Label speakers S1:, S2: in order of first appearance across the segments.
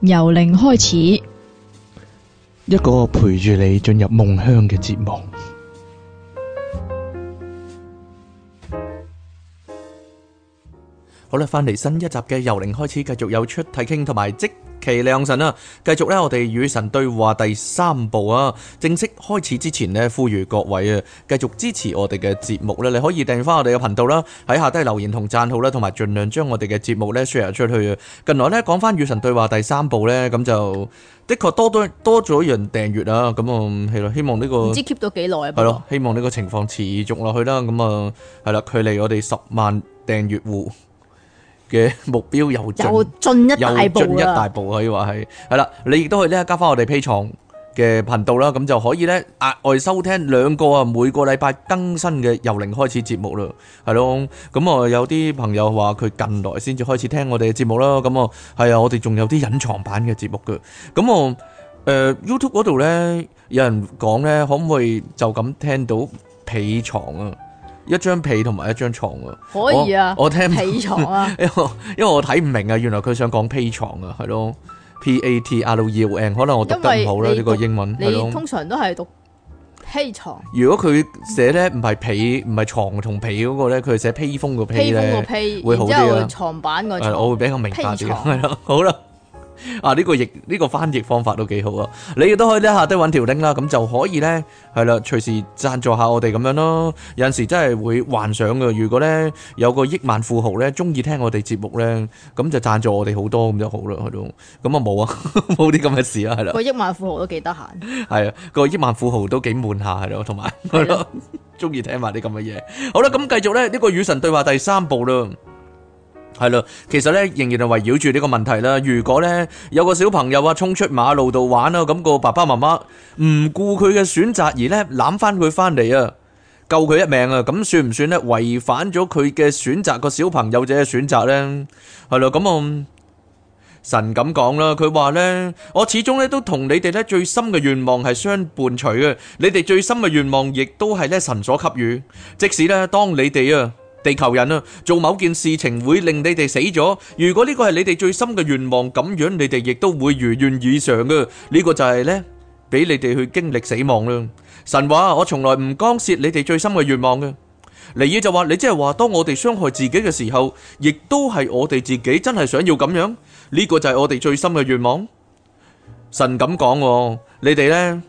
S1: 由零開始，
S2: 一個陪住你進入夢鄉嘅節目。 好啦，翻嚟新一集嘅由零開始，繼續有出題傾同埋即。其亮神啊！繼續咧，我哋與神對話第三部啊，正式開始之前呢，呼籲各位啊，繼續支持我哋嘅節目咧，你可以訂翻我哋嘅頻道啦，喺下低留言同讚好啦，同埋盡量將我哋嘅節目咧 share 出去啊！近來咧講翻與神對話第三部咧，咁就的確多多多咗人訂閱啊！咁啊係咯，希望呢個唔知
S1: keep 到幾耐啊，係咯，
S2: 希望呢個情況持續落去啦，咁啊係啦，距離我哋十萬訂閱戶嘅目標又又進一大步啦，可以話係係啦。你亦都可以咧加翻我哋 Patreon 嘅頻道啦，咁就可以咧額外收聽兩個啊，每個禮拜更新嘅由零開始節目啦，係咯。咁啊有啲朋友話佢近來先至開始聽我哋嘅節目啦，咁啊係啊，我哋仲有啲隱藏版嘅節目嘅。咁我誒 YouTube 嗰度咧有人講咧，可唔可以就咁聽到 Patreon 啊？一張被同埋一張床喎，可以啊！我聽被牀啊，因為我睇唔明啊，原來佢想講披床啊，係咯，P A T R U E N，可能我讀得唔好啦，呢個英文係咯。你通
S1: 常都係讀披牀。
S2: 如果佢寫咧唔係被唔係床同被嗰個咧，佢寫披風個披咧，會好啲啦。然之後牀
S1: 板個牀，我會比較明白啲，係咯，
S2: 好啦。啊！呢個譯呢個翻譯方法都幾好啊！你亦都可以咧下低揾條鈴啦，咁就可以咧係啦，隨時贊助下我哋咁樣咯。有陣時真係會幻想噶，如果咧有個億萬富豪咧中意聽我哋節目咧，咁就贊助我哋好多咁就好啦，係咯。咁啊冇啊，冇啲咁嘅事啦，係啦。個億
S1: 萬富豪都幾得閒，
S2: 係啊，個億萬富豪都幾悶下，係咯，同埋係咯，中意聽埋啲咁嘅嘢。好啦，咁繼續咧，呢個與神對話第三部啦。係啦，其實咧仍然係圍繞住呢個問題啦。如果咧有個小朋友啊衝出馬路度玩啊，咁個爸爸媽媽唔顧佢嘅選擇而咧攬返佢返嚟啊，救佢一命啊，咁算唔算咧違反咗佢嘅選擇、個小朋友者嘅選擇呢？係啦，咁啊神咁講啦，佢話呢，我始終咧都同你哋咧最深嘅願望係相伴隨嘅，你哋最深嘅願望亦都係咧神所給予，即使咧當你哋啊。地球人啊，做某件事情會令你哋死咗。如果呢個係你哋最深嘅願望，咁樣你哋亦都會如願以償嘅。呢、呢個就係呢，畀你哋去經歷死亡啦。神話我從來唔干涉你哋最深嘅願望嘅。尼爾就話你即係話，當我哋傷害自己嘅時候，亦都係我哋自己真係想要咁樣。呢、呢個就係我哋最深嘅願望。神咁講，你哋呢？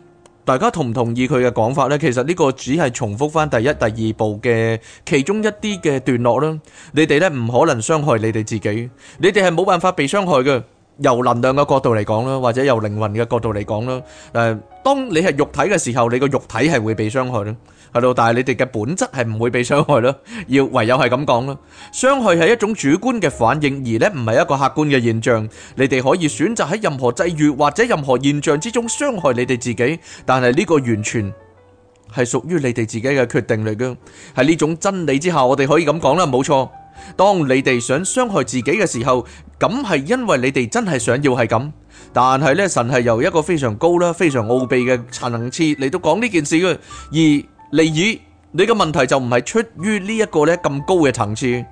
S2: 大家同唔同意佢嘅講法呢？其實呢個只係重複翻第一、第二部嘅其中一啲嘅段落啦。你哋呢，唔可能傷害你哋自己，你哋係冇辦法被傷害嘅。由能量嘅角度嚟講啦，或者由靈魂嘅角度嚟講啦。誒，當你係肉體嘅時候，你個肉體係會被傷害啦。係咯，但係你哋嘅本質係唔會被傷害咯，要唯有係咁講咯。傷害係一種主觀嘅反應，而呢唔係一個客觀嘅現象。你哋可以選擇喺任何際遇或者任何現象之中傷害你哋自己，但係呢個完全係屬於你哋自己嘅決定嚟嘅。喺呢種真理之下，我哋可以咁講啦，冇錯。當你哋想傷害自己嘅時候，咁係因為你哋真係想要係咁，但係呢神係由一個非常高啦、非常奧秘嘅層次嚟到講呢件事嘅，而。例如，你嘅問題就唔係出於呢一個呢咁高嘅層次，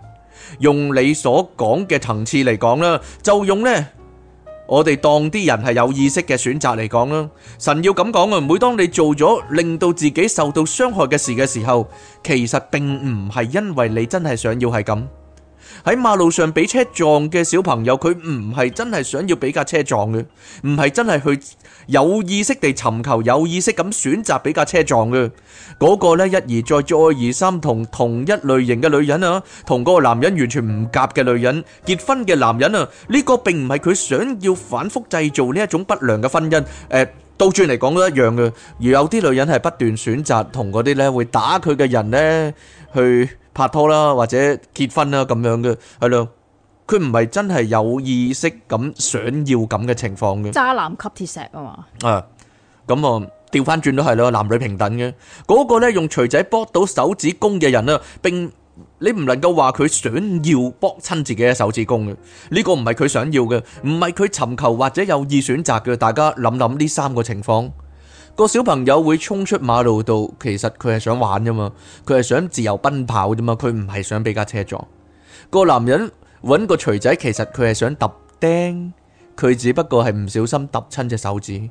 S2: 用你所講嘅層次嚟講啦，就用呢：「我哋當啲人係有意識嘅選擇嚟講啦。神要咁講啊，每當你做咗令到自己受到傷害嘅事嘅時候，其實並唔係因為你真係想要係咁。喺馬路上俾車撞嘅小朋友，佢唔係真係想要俾架車撞嘅，唔係真係去有意識地尋求、有意識咁選擇俾架車撞嘅。嗰個呢，一而再、再而三同同一類型嘅女人啊，同嗰個男人完全唔夾嘅女人結婚嘅男人啊，呢個並唔係佢想要反覆製造呢一種不良嘅婚姻。誒，倒轉嚟講都一樣嘅。而有啲女人係不斷選擇同嗰啲呢會打佢嘅人呢去拍拖啦，或者結婚啦咁樣嘅係咯，佢唔係真係有意識咁想要咁嘅情況嘅。渣
S1: 男吸鐵石啊
S2: 嘛。啊，咁啊，調翻轉都係咯，男女平等嘅。嗰個咧用錘仔剝到手指公嘅人咧，並你唔能夠話佢想要剝親自己嘅手指公嘅。呢個唔係佢想要嘅，唔係佢尋求或者有意選擇嘅。大家諗諗呢三個情況。個小朋友會衝出馬路度，其實佢係想玩咋嘛，佢係想自由奔跑咋嘛，佢唔係想俾架車撞。個男人揾個錘仔，其實佢係想揼釘，佢只不過係唔小心揼親隻手指。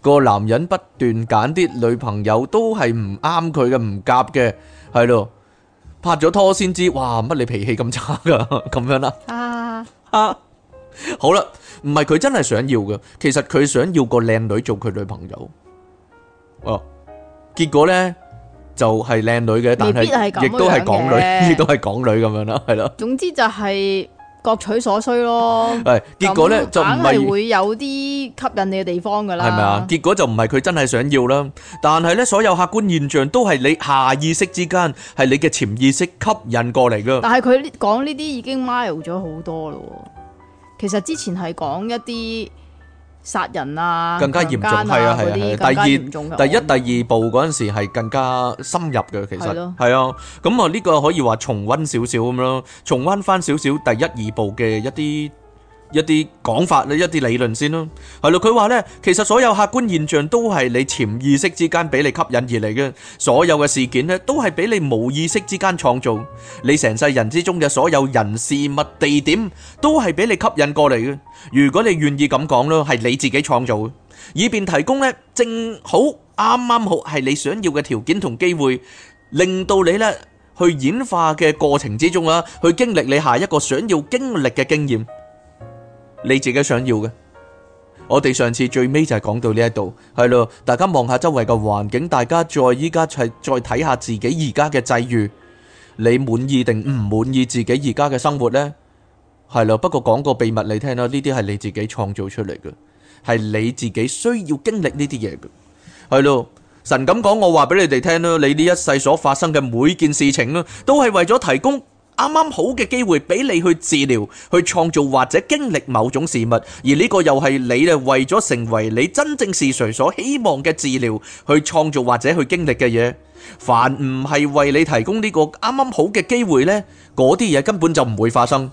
S2: 個男人不斷揀啲女朋友都係唔啱佢嘅，唔夾嘅，係咯。拍咗拖先知，哇乜你脾氣咁差噶？咁樣啦，啊啊，好啦，唔係佢真係想要嘅，其實佢想要個靚女做佢女朋友。 樣 哦，結果咧就係靚女嘅，但係亦都係港女，亦都係港女咁樣咯，係咯。
S1: 總之就係各取所需咯。係，
S2: 結果咧就唔係會
S1: 有啲吸引你嘅地方噶啦。係咪啊？結
S2: 果就唔係佢真係想要啦。但係咧，所有客觀現象都係你下意識之間，係你嘅潛意識吸引過嚟噶。但係
S1: 佢講呢啲已經 mild 咗好多啦。其實之前係講一啲。殺人啊，更加嚴重係啊係啊，啊，啊，啊第第，第二第一
S2: 第二部嗰陣時係更加深入嘅其實係了啊，咁啊呢個可以話重温少少咁咯，重温返少少第一二部嘅一啲。一啲講法咧，一啲理論先咯，係咯。佢話呢，其實所有客觀現象都係你潛意識之間俾你吸引而嚟嘅，所有嘅事件呢都係俾你無意識之間創造。你成世人之中嘅所有人事物地點都係俾你吸引過嚟嘅。如果你願意咁講咯，係你自己創造，以便提供呢正好啱啱好係你想要嘅條件同機會，令到你呢去演化嘅過程之中啊，去經歷你下一個想要經歷嘅經驗。你自己想要嘅，我哋上次最尾就係講到呢一度，係咯，大家望下周圍嘅環境，大家再依家係再睇下自己而家嘅際遇，你滿意定唔滿意自己而家嘅生活呢？係咯，不過講個秘密你聽啦，呢啲係你自己創造出嚟嘅，係你自己需要經歷呢啲嘢嘅，係咯，神咁講，我話俾你哋聽啦，你呢一世所發生嘅每件事情啦，都係為咗提供。啱啱好嘅機會俾你去治療、去創造或者經歷某種事物，而呢個又係你咧，為咗成為你真正是誰所希望嘅治療、去創造或者去經歷嘅嘢。凡唔係為你提供呢個啱啱好嘅機會咧，嗰啲嘢根本就唔會發生。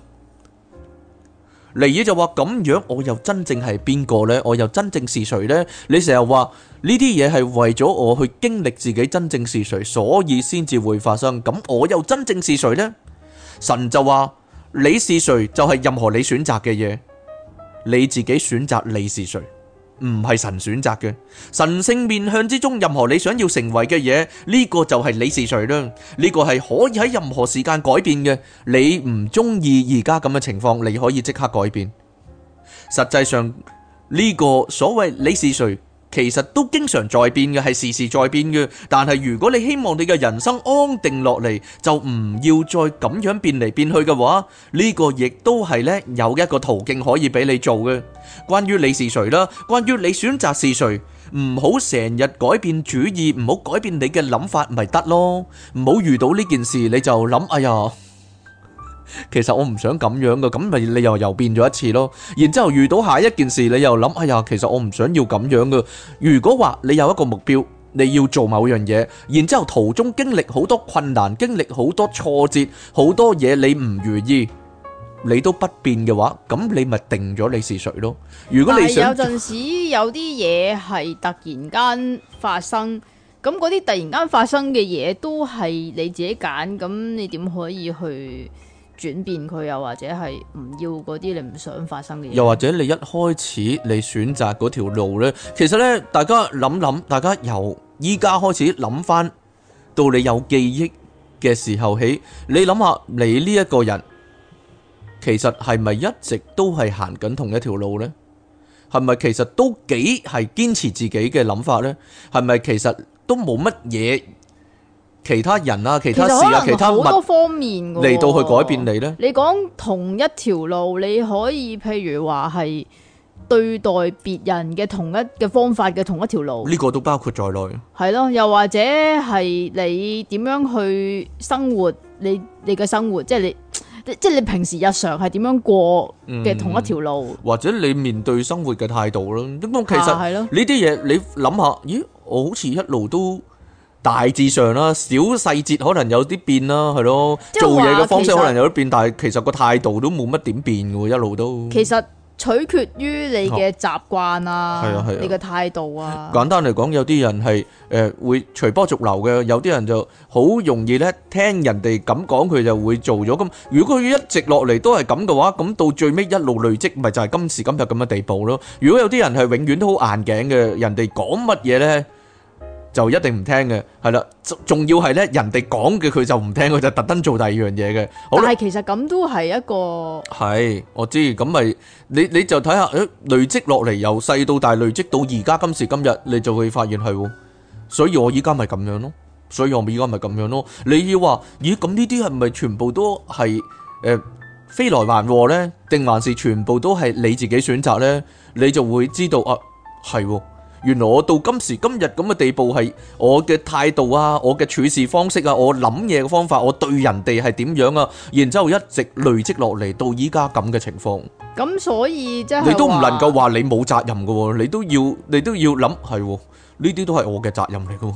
S2: 尼爾就話：咁樣我又真正係邊個咧？我又真正是誰咧？你成日話呢啲嘢係為咗我去經歷自己真正是誰，所以先至會發生。咁我又真正是誰咧？神就話：你是誰就係、是、任何你選擇嘅嘢，你自己選擇你是誰，唔係神選擇嘅。神性面向之中，任何你想要成為嘅嘢，呢、呢個就係你是誰啦。呢、呢個係可以喺任何時間改變嘅。你唔中意而家咁嘅情況，你可以即刻改變。實際上呢、呢個所謂你是誰，其實都經常在變嘅，係時時在變嘅。但係如果你希望你嘅人生安定落嚟，就唔要再咁樣變嚟變去嘅話，呢個亦都係呢，有一個途徑可以俾你做嘅。關於你是誰啦，關於你選擇是誰，唔好成日改變主意，唔好改變你嘅諗法咪得咯。唔好遇到呢件事你就諗哎呀。其實我唔想咁樣噶，咁咪你又又變咗一次咯。然之後遇到下一件事，你又諗，哎呀，其實我唔想要咁樣噶。如果話你有一個目標，你要做某樣嘢，然之後途中經歷好多困難，經歷好多挫折，好多嘢你唔如意，你都不變嘅話，咁你咪定咗你是誰咯。如果你有陣
S1: 時有啲嘢係突然間發生，咁嗰啲突然間發生嘅嘢都係你自己揀，咁你點可以去？轉變佢，又或者係唔要嗰啲你唔想發生嘅嘢，又或
S2: 者你一開始你選擇嗰條路呢？其實呢，大家諗諗，大家由依家開始諗翻到你有記憶嘅時候起，你諗下你呢一個人其實係咪一直都係行緊同一條路呢？係咪其實都幾係堅持自己嘅諗法呢？係咪其實都冇乜嘢？其他人啊，其他事啊，其，其他好多
S1: 方面嚟到去改變你咧？你講同一條路，你可以譬如話係對待別人嘅同一嘅方法嘅同一條路，呢
S2: 個都包括在內。
S1: 係咯，又或者係你點樣去生活，你你嘅生活，即係你，你即係你平時日常係點樣過嘅同一條路，嗯，
S2: 或者你面對生活嘅態度咯。咁其實係咯，呢啲嘢你諗下，咦，我好似一路都。大致上啦，小細節可能有啲變啦，係咯，做嘢嘅方式可能有啲變，但係其實個態度都冇乜點變喎，一路都其
S1: 實取決於你嘅習慣啊，係啊係啊，你嘅態度啊。
S2: 簡單嚟講，有啲人係誒會隨波逐流嘅，有啲人就好容易咧聽人哋咁講佢就會做咗。咁如果佢一直落嚟都係咁嘅話，咁到最尾一路累積，咪就係今時今日咁嘅地步咯。如果有啲人係永遠都好硬頸嘅，人哋講乜嘢咧？就一定唔聽嘅，係啦，仲仲要係咧，人哋講嘅佢就唔聽，佢就特登做第二樣嘢嘅。但係
S1: 其實咁都係一個
S2: 係，我知咁咪你你就睇下，誒累積落嚟，由細到大累積到而家今時今日，你就會發現係，所以我依家咪咁樣咯，所以我咪依家咪咁樣咯。你要話咦咁呢啲係咪全部都係誒飛來橫禍呢，定還是全部都係你自己選擇呢？你就會知道啊，係。原來我到今時今日咁嘅地步係我嘅態度啊，我嘅處事方式啊，我諗嘢嘅方法，我對人哋係點樣啊，然之後一直累積落嚟，到依家咁嘅情況。
S1: 咁所以即係你都唔能夠
S2: 話你冇責任㗎喎，你都要你都要諗係喎，呢啲都係我嘅責任嚟㗎喎。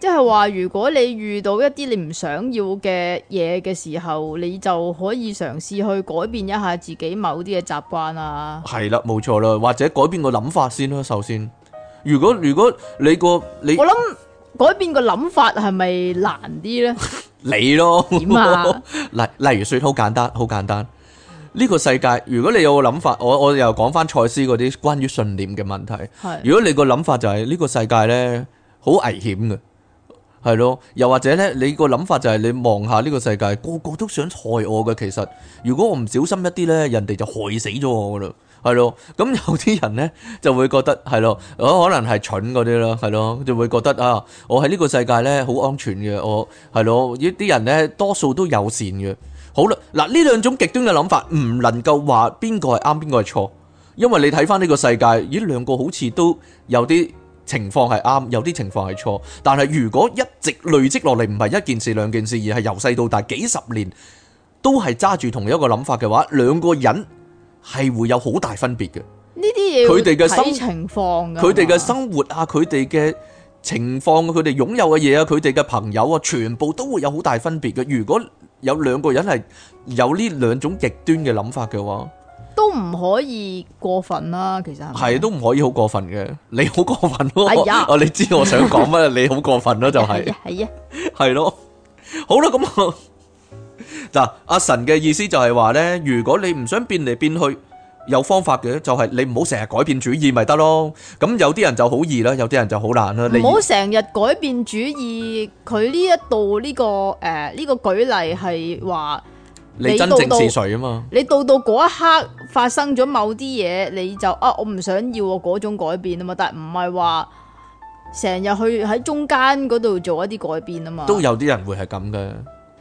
S1: 即係話，如果你遇到一啲你唔想要嘅嘢嘅時候，你就可以嘗試去改變一下自己某啲嘅習慣啊。
S2: 係啦，冇錯啦，或者改變個諗法先啦。首先，如果如果你個你，我
S1: 諗改變個諗法係咪難啲呢？
S2: 你咯點啊？例例如說，好簡單，好簡單。呢個世界，如果你有個諗法，我我又講翻賽斯嗰啲關於信念嘅問題。係。如果你個諗法就係呢個世界呢，好危險嘅。係咯，又或者咧，你個諗法就係你望下呢個世界，個個都想害我嘅。其實如果我唔小心一啲咧，人哋就害死咗我噶啦。係咯，咁有啲人咧就會覺得係咯，可能係蠢嗰啲啦，係咯，就會覺得，會覺得啊，我喺呢個世界咧好安全嘅，我係咯，呢啲人咧多數都友善嘅。好啦，嗱呢兩種極端嘅諗法唔能夠話邊個係啱，邊個係錯，因為你睇翻呢個世界，咦，兩個好似都有啲。情況係啱，有啲情況係錯。但係如果一直累積落嚟，唔係一件事、兩件事，而係由細到大幾十年都係揸住同一個諗法嘅話，兩個人係會有好大分別嘅。
S1: 呢啲嘢佢哋嘅心情況，佢哋嘅
S2: 生活啊，佢哋嘅情況，佢哋擁有嘅嘢啊，佢哋嘅朋友啊，全部都會有好大分別嘅。如果有兩個人係有呢兩種極端嘅諗法嘅話，
S1: 都唔可以過分啦，其實係
S2: 都唔可以好過分嘅。你好過分咯，係啊你知我想講乜？你好過分咯，就係
S1: 係
S2: 啊，係咯。好啦，咁啊嗱，阿神嘅意思就係話咧，如果你唔想變嚟變去，有方法嘅，就係你唔好成日改變主意咪得咯。咁有啲人就好易啦，有啲人就好難啦。你唔好
S1: 成日改變主意，佢呢一度呢個誒呢個舉例係話。你真正是誰啊嘛？你到到，你到到嗰一刻發生咗某啲嘢，你就啊，我唔想要我嗰種改變啊嘛。但係唔係話成日去喺中間嗰度做一啲改變啊嘛？都有
S2: 啲人會係咁嘅，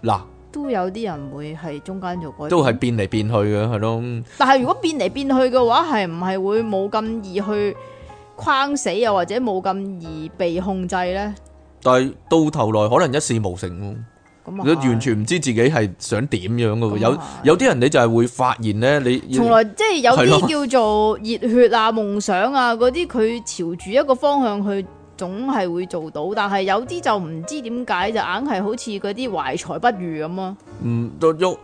S2: 嗱，
S1: 都有啲人會係中間做改變，都係
S2: 變嚟變去嘅，係咯。
S1: 但係如果變嚟變去嘅話，係唔係會冇咁易去框死，又或者冇咁易被控制咧？
S2: 但係到頭來可能一事無成。你完全唔知自己係想點樣嘅、嗯，有有啲人你就係會發現咧，你從來即係、就是、有啲叫
S1: 做熱血啊、夢想啊嗰啲，佢 朝住一個方向去，總係會做到。但係有啲就唔知點解，就硬係好似嗰啲懷才不遇咁啊。
S2: 嗯，都喐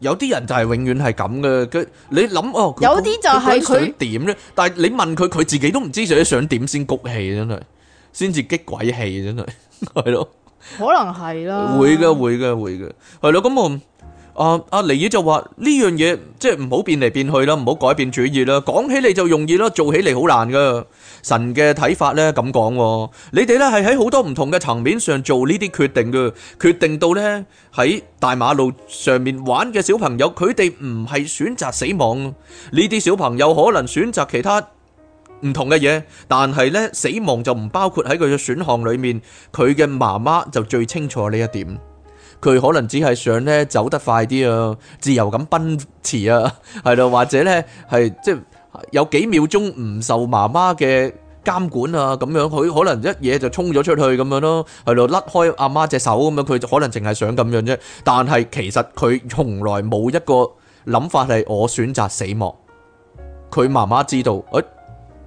S2: 有啲人就係永遠係咁嘅。佢你諗哦，有啲就係佢點咧？他但係你問佢，佢自己都唔知自己想點先谷氣，真係，先至激鬼氣，真係，係咯。
S1: 可能係啦，會
S2: 嘅會嘅會嘅係咯。咁啊，阿阿尼爾就話呢樣嘢即係唔好變嚟變去啦，唔好改變主意啦。講起嚟就容易咯，做起嚟好難噶。神嘅睇法咧咁講，你哋咧係喺好多唔同嘅層面上做呢啲決定嘅，決定到咧喺大馬路上面玩嘅小朋友，佢哋唔係選擇死亡，呢啲小朋友可能選擇其他。唔同嘅嘢，但係咧死亡就唔包括喺佢嘅選項裏面。佢嘅媽媽就最清楚呢一點。佢可能只係想咧走得快啲啊，自由咁奔馳啊，係咯，或者咧係即係有幾秒鐘唔受媽媽嘅監管啊，咁樣佢可能一嘢就衝咗出去咁樣咯，係咯甩開阿媽隻手咁樣，佢就可能淨係想咁樣啫。但係其實佢從來冇一個諗法係我選擇死亡。佢媽媽知道，誒、欸。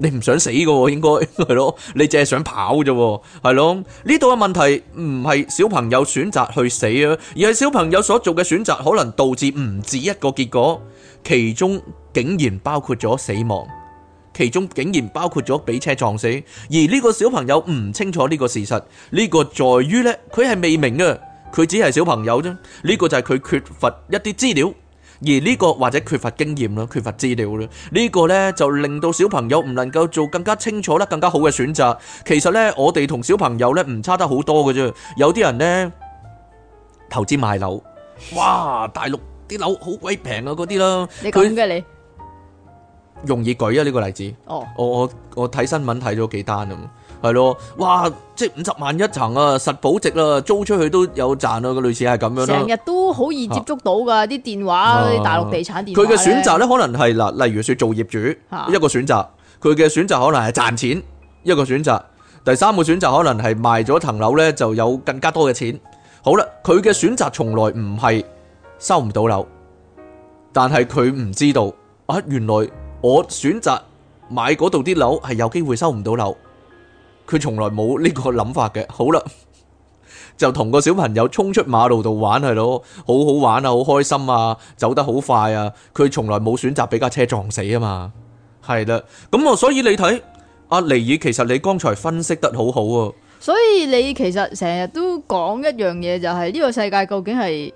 S2: 你唔想死嘅喎，應該係咯。你淨係想跑啫，係咯。呢度嘅問題唔係小朋友選擇去死啊，而係小朋友所做嘅選擇可能導致唔止一個結果，其中竟然包括咗死亡，其中竟然包括咗俾車撞死。而呢個小朋友唔清楚呢個事實，呢個在於呢，佢係未明啊。佢只係小朋友啫。呢個就係佢缺乏一啲資料。而呢個或者缺乏經驗啦，缺乏資料啦，呢個呢就令到小朋友唔能夠做更加清楚啦、更加好嘅選擇。其實呢，我哋同小朋友呢唔差得好多嘅啫。有啲人呢投資買樓，哇！大陸啲樓好鬼平啊，嗰啲啦，
S1: 你講咩？他你
S2: 容易舉啊呢個例子。哦，我我我睇新聞睇咗幾單啊。係咯，哇！即係五十萬一層啊，實保值啊，租出去都有賺啊。個類似係咁樣，成日
S1: 都好易接觸到噶啲電話，啊、大陸地產電話。佢嘅選擇呢，
S2: 可能係嗱，例如說做業主，啊、一個選擇，佢嘅選擇可能係賺錢一個選擇。第三個選擇可能係賣咗層樓呢，就有更加多嘅錢。好啦，佢嘅選擇從來唔係收唔到樓，但係佢唔知道啊，原來我選擇買嗰度啲樓係有機會收唔到樓。佢從來冇呢個諗法嘅。好啦，就同個小朋友衝出馬路度玩係咯，好好玩啊，好開心啊，走得好快啊，佢從來冇選擇俾架車撞死啊嘛，係啦，咁我所以你睇阿尼爾，其實你剛才分析得好好啊，
S1: 所以你其實成日都講一樣嘢，就係呢個世界究竟係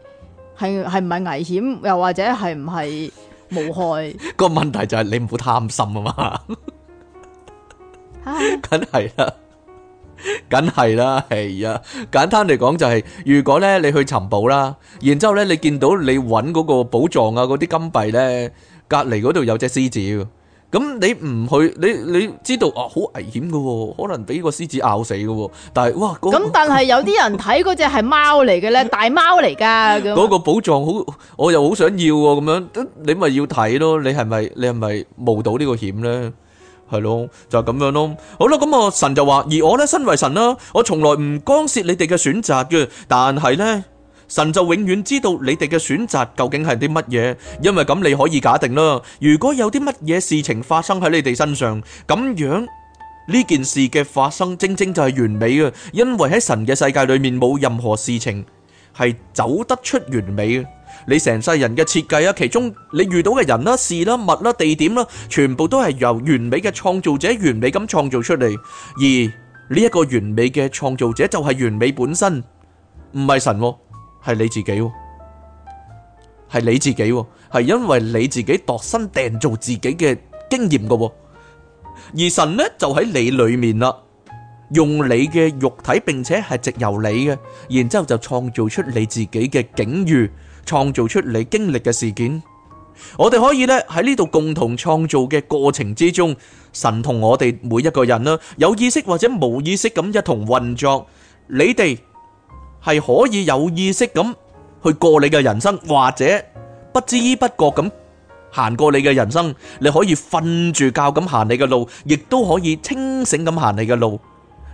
S1: 係係唔係危險，又或者係唔係無害？
S2: 個問題就係你唔好貪心啊嘛，吓，梗係啦。梗係啦，係啊！簡單嚟講就係，如果咧你去尋寶啦，然之後咧你見到你搵嗰個寶藏啊，嗰啲金幣咧，隔籬嗰度有隻獅子，咁你唔去，你你知道啊，好危險噶，可能俾個獅子咬死噶，但係哇，咁但
S1: 係有啲人睇嗰隻係貓嚟嘅咧，大貓嚟噶，嗰
S2: 個寶藏好，我又好想要喎，咁樣，你咪要睇咯，你係咪，你係咪冒到呢個險咧？係咯，就係、是、咁樣咯。好啦，咁啊，神就話，而我呢，身為神啦，我從來唔干涉你哋嘅選擇嘅。但係呢，神就永遠知道你哋嘅選擇究竟係啲乜嘢，因為咁你可以假定啦。如果有啲乜嘢事情發生喺你哋身上，咁樣呢件事嘅發生，正正就係完美嘅，因為喺神嘅世界裏面冇任何事情係走得出完美嘅。你成世人嘅設計啊，其中你遇到嘅人啦、事啦、物啦、地點啦，全部都係由完美嘅創造者完美咁創造出嚟。而呢一個完美嘅創造者就係完美本身，唔係神，係你自己，係你自己，係因為你自己度身訂造自己嘅經驗㗎。而神呢就喺你裏面啦，用你嘅肉體，並且係藉由你嘅，然之後就創造出你自己嘅境遇。創造出你經歷的事件，我們可以咧在這裏共同創造的過程之中，神和我們每一個人啦有意識或者無意識噉一同運作，你們係可以有意識噉去過你的人生，或者不知不覺噉行過你的人生。你可以瞓住覺噉行你的路，也可以清醒噉行你的路。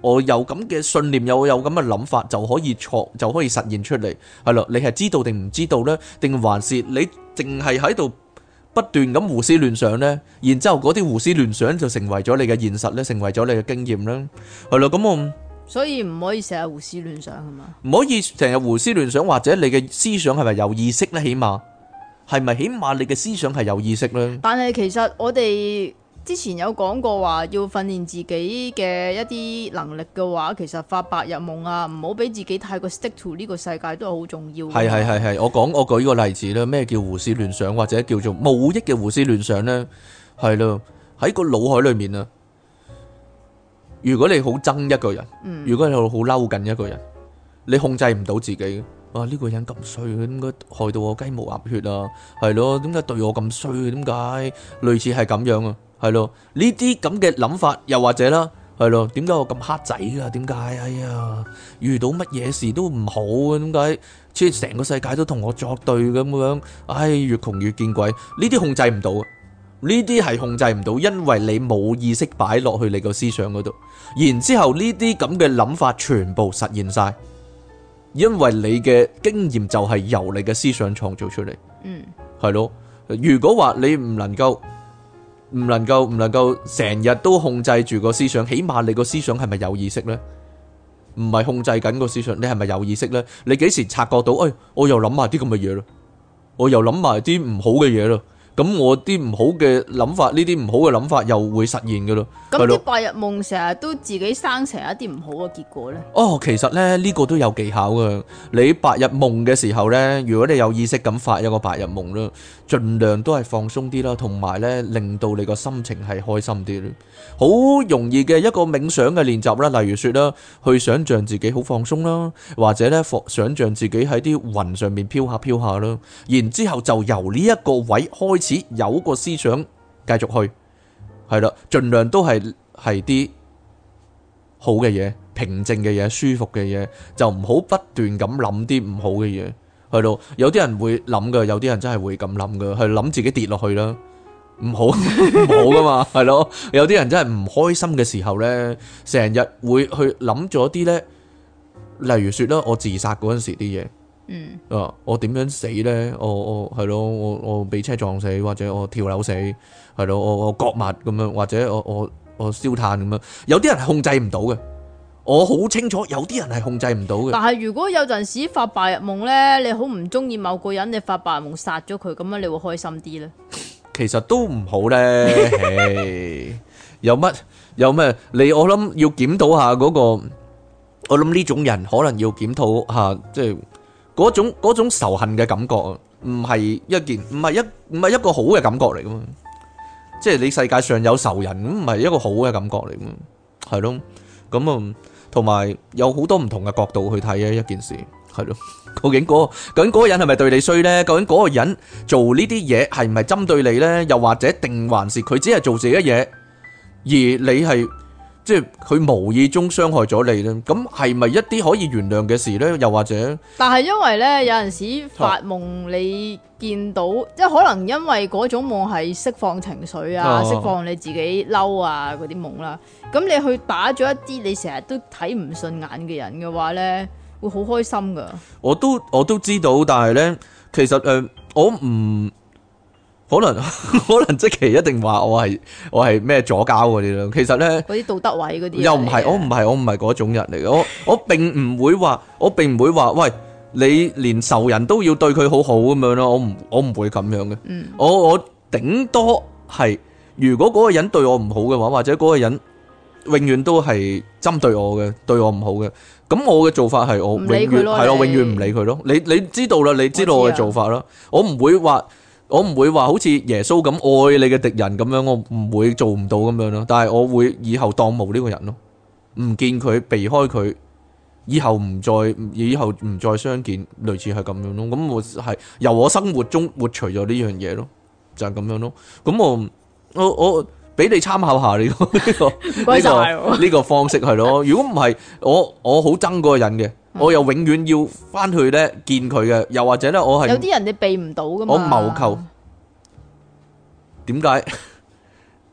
S2: 我有咁嘅信念，有有咁嘅諗法，就可以錯，就可以實現出嚟，係咯？你係知道定唔知道呢？定還是你淨係喺度不斷咁胡思亂想呢？然之後嗰啲胡思亂想就成為咗你嘅現實咧，成為咗你嘅經驗啦，係咯？咁我
S1: 所以唔可以成日胡思亂想係嘛？
S2: 唔可以成日胡思亂想，或者你嘅思想係咪有意識呢？起碼係咪？起碼你嘅思想係有意識呢？
S1: 但係其實我哋。之前有講過話要訓練自己嘅一啲能力嘅話，其實發白日夢啊，唔好俾自己太過 stick to 呢個世界都係好重要。係係
S2: 係係，我講我舉個例子啦，咩叫胡思亂想或者叫做無益嘅胡思亂想呢？係咯，喺個腦海裏面啊。如果你好憎一個人，嗯，如果你好嬲緊一個人，你控制唔到自己，啊，呢個人咁衰，點解害到我雞毛鴨血啊？係咯，點解對我咁衰？點解類似係咁樣啊？係咯，呢啲咁嘅諗法，又或者啦，係咯，點解我咁黑仔㗎？點解？哎呀，遇到乜嘢事都唔好，點解？即係成個世界都同我作對咁樣？唉，越窮越見鬼，呢啲控制唔到，呢啲係控制唔到，因為你冇意識擺落去你個思想嗰度，然之後呢啲咁嘅諗法全部實現晒，因為你嘅經驗就係由你嘅思想創造出嚟。嗯，係咯，如果話你唔能夠。唔能夠，唔能夠成日都控制住個思想，起碼你個思想係咪有意識咧？唔係控制緊個思想，你係咪有意識咧？你幾時察覺到？哎，我又諗埋啲咁嘅嘢囉，我又諗埋啲唔好嘅嘢囉。咁我啲唔好嘅諗法，呢啲唔好嘅諗法又會實現嘅咯。咁啲白
S1: 日夢成日都自己生成一啲唔好嘅結果咧。
S2: 哦，其實咧，呢個都有技巧嘅。你白日夢嘅時候咧，如果你有意識咁發一個白日夢啦，儘量都係放鬆啲啦，同埋咧，令到你個心情係開心啲咧。好容易嘅一個冥想嘅練習啦，例如説啦，去想像自己好放鬆啦，或者咧，放想像自己喺啲雲上面飄下飄下啦，然之後就由呢一個位開始。只有個思想繼續去，係啦，盡量都係係啲好嘅嘢、平靜嘅嘢、舒服嘅嘢，就唔好不斷咁諗啲唔好嘅嘢，係咯。有啲人會諗噶，有啲人真係會咁諗噶，去諗自己跌落去啦，唔好唔好噶嘛，係咯。 有啲人真係唔開心嘅時候呢，成日會去諗咗啲呢，例如說咯，我自殺嗰陣時啲嘢。嗯啊！我點樣死咧？我我係咯，我我被車撞死，或者我跳樓死，係咯，我我割脈咁樣，或者我我我燒炭咁樣。有啲人係控制唔到嘅，我好清楚有啲人係控制唔到嘅。但
S1: 係如果有陣時發白日夢咧，你好唔中意某個人，你發白日夢殺咗佢，咁樣你會開心啲咧？
S2: 其實都唔好咧 ，hey，有乜有咩？你我諗要檢討下嗰個，我諗呢種人可能要檢討下，即係。嗰種嗰種仇恨嘅感覺，唔係一件唔係一唔係一個好嘅感覺嚟噶嘛？即係你世界上有仇人，咁唔係一個好嘅感覺嚟噶嘛？係咯，咁啊，同埋有好多唔同嘅角度去睇一一件事，係咯。究竟嗰究竟嗰個人係咪對你衰咧？究竟嗰個人做呢啲嘢係唔係針對你咧？又或者定還是佢只係做自己嘅嘢，而你係？即係佢無意中傷害咗你咧，咁係咪一啲可以原諒嘅事咧？又或者？
S1: 但係因為咧，有陣時發夢你見到，即係可能因為嗰種夢係釋放情緒啊，釋放你自己嬲啊嗰啲夢啦。咁你去打咗一啲你成日都睇唔順眼嘅人嘅話咧，會好開心㗎。我
S2: 都，我都知道，但係咧，其實誒，我唔。可能可能即期，一定話我係我係咩左膠嗰啲咯。其實咧，嗰
S1: 啲道德位嗰啲，又唔係
S2: 我，唔係我，唔係嗰種人嚟嘅，我我並唔會話我並唔會話，喂，你連仇人都要對佢好好咁樣咯，我唔我唔會咁樣嘅，我我頂多係如果嗰個人對我唔好嘅話，或者嗰個人永遠都係針對我嘅，對我唔好嘅，咁我嘅做法係我永遠係我永遠唔理佢咯，你你知道啦，你知道我嘅做法咯，我唔會話。我唔會話好似耶穌咁愛你嘅敵人咁樣，我唔會做唔到咁樣咯。但係我會以後當無呢個人咯，唔見佢避開佢，以後唔再，以後唔再相見，類似係咁樣咯。咁我係由我生活中活除咗呢樣嘢咯，就係、是、咁樣咯。咁、嗯、我我我俾你參考下你、這、呢個呢、 這個呢、這個這個方式係咯。如果唔係，我我好憎嗰個人嘅。我又永遠要翻去咧見佢嘅，又或者咧我係有啲
S1: 人你避唔到噶嘛？我謀求
S2: 點解？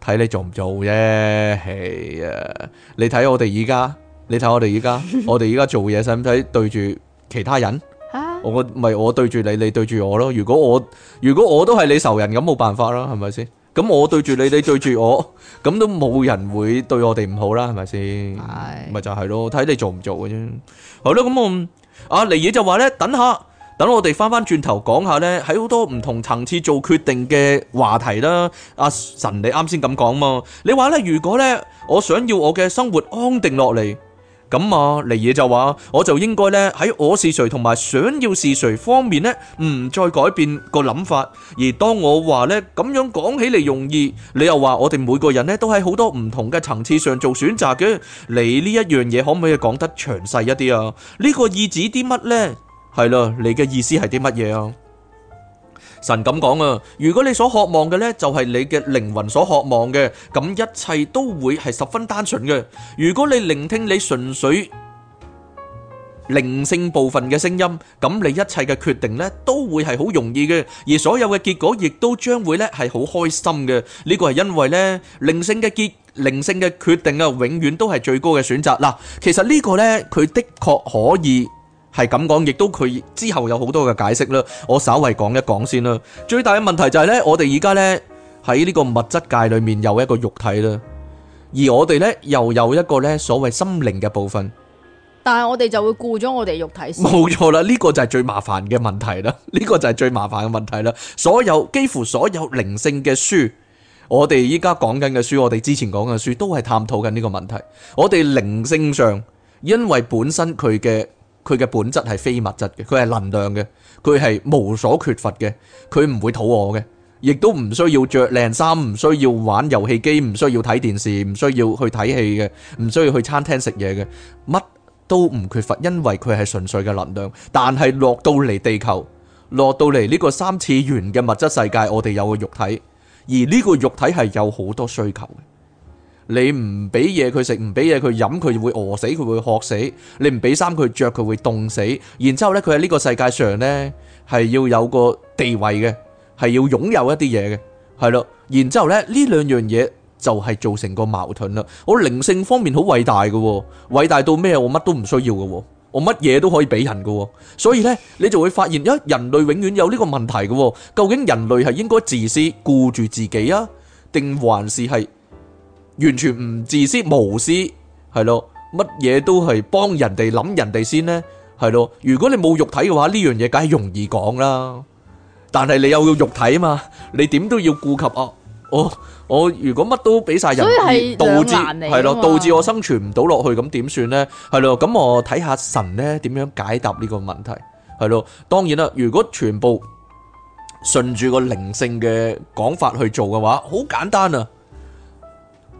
S2: 睇 你做唔做啫，係、hey，啊、uh！你睇我哋而家，你睇 我哋而家，我哋而家做嘢使唔使對住其他人？ 我咪我對住你，你對住我咯。如果我如果我都係你仇人，咁冇辦法咯，係咪先？咁我對住你，你對住我，咁 都冇人會對我哋唔好啦，係咪先？係、哎，咪就係咯，睇你做唔做嘅啫。好啦，咁我阿黎爺就話咧，等下等我哋翻翻轉頭講下咧，喺好多唔同層次做決定嘅話題啦。阿、啊、神你啱先咁講嘛，你話咧如果咧我想要我嘅生活安定落嚟。咁啊，嚟嘢、嗯、就話，我就應該咧喺我是誰同埋想要是誰方面咧唔再改變個諗法。而當我話咧咁樣講起嚟容易，你又話我哋每個人咧都喺好多唔同嘅層次上做選擇嘅。你呢一樣嘢可唔可以講得詳細一啲啊？呢、呢個意指啲乜呢？係啦，你嘅意思係啲乜嘢啊？神咁講啊，如果你所渴望嘅，呢，就係你嘅靈魂所渴望嘅，咁一切都會係十分單純嘅。如果你聆聽你純粹靈性部分嘅聲音，咁你一切嘅決定呢，都會係好容易嘅，而所有嘅結果亦都將會呢係好開心嘅。呢個係因為呢，靈性嘅結靈性嘅決定啊，永遠都係最高嘅選擇。嗱，其實呢個呢，佢的確可以。係咁講，亦都佢之後有好多嘅解釋啦。我稍微講一講先啦。最大嘅問題就係呢：我哋而家呢，喺呢個物質界裏面有一個肉體啦，而我哋呢，又有一個呢所謂心靈嘅部分，
S1: 但係我哋就會顧咗我哋肉體。冇錯
S2: 啦，呢個就係最麻煩嘅問題啦。呢個就係最麻煩嘅問題啦。所有幾乎所有靈性嘅書，我哋依家講緊嘅書，我哋之前講嘅書都係探討緊呢個問題。我哋靈性上，因為本身佢嘅。佢嘅本質係非物質嘅，佢係能量嘅，佢係無所缺乏嘅，佢唔會肚餓嘅，亦都唔需要着靚衫，唔需要玩遊戲機，唔需要睇電視，唔需要去睇戲嘅，唔需要去餐廳食嘢嘅，乜都唔缺乏，因為佢係純粹嘅能量。但係落到嚟地球，落到嚟呢個三次元嘅物質世界，我哋有個肉體，而呢個肉體係有好多需求嘅。你唔俾嘢佢食，唔俾嘢佢飲，佢會餓死，佢會渴死。你唔俾衫佢着，佢會凍死。然之後咧，佢喺呢個世界上咧，係要有個地位嘅，係要擁有一啲嘢嘅，係咯。然之後咧，呢兩樣嘢就係造成個矛盾啦。我靈性方面好偉大嘅，偉大到咩？我乜都唔需要嘅，我乜嘢都可以俾人嘅。所以咧，你就會發現，呀、啊，人類永遠有呢個問題嘅。究竟人類係應該自私顧住自己啊，定還是係？完全唔自私無私，係咯，乜嘢都係幫人哋諗人哋先呢，係咯。如果你冇肉體嘅話，呢樣嘢梗係容易講啦。但係你有肉體啊嘛，你點都要顧及啊，我我如果乜都俾晒人，所以係兩難嚟。導致，係咯，導致我生存唔到落去，咁點算呢？係咯，咁我睇下神呢點樣解答呢個問題。係咯，當然啦，如果全部順住個靈性嘅講法去做嘅話，好簡單啊。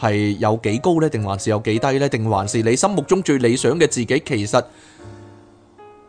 S2: 係有幾高呢？定還是有幾低呢？定還是你心目中最理想嘅自己，其實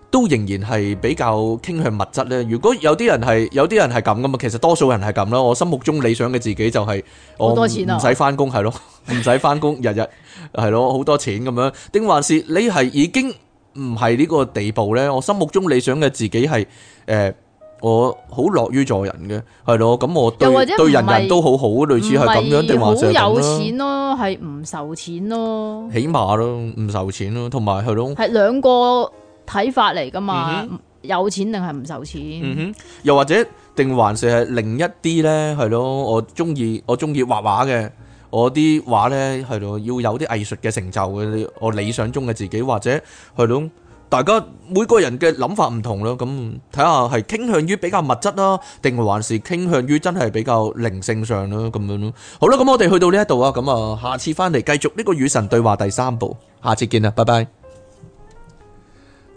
S2: 都仍然係比較傾向物質呢？如果有啲人係，有啲人係咁噶嘛。其實多數人係咁啦。我心目中理想嘅自己就係我唔使返工係咯，唔使返工日日係咯，好多錢咁樣。定還是你係已經唔係呢個地步呢？我心目中理想嘅自己係誒。我好樂於助人嘅，係咯，咁我對對人人都好好，類似係咁樣嘅話就啦。唔係好有
S1: 錢咯，係唔愁錢咯，
S2: 起碼咯，唔愁錢咯，同埋係咯。係
S1: 兩個睇法嚟噶嘛？有錢定係唔愁錢？嗯哼，
S2: 又或者定還是係另一啲咧？係咯，我中意我中意畫畫嘅，我啲畫咧係咯，要有啲藝術嘅成就嘅，我理想中嘅自己或者係咯。大家每個人嘅諗法唔同囉，咁睇下係傾向於比較物質囉，定還是傾向於真係比較靈性上囉，咁樣咯。好啦，咁我哋去到呢一度啊，咁啊，下次翻嚟繼續呢個與神對話第三部，下次見啦，拜拜。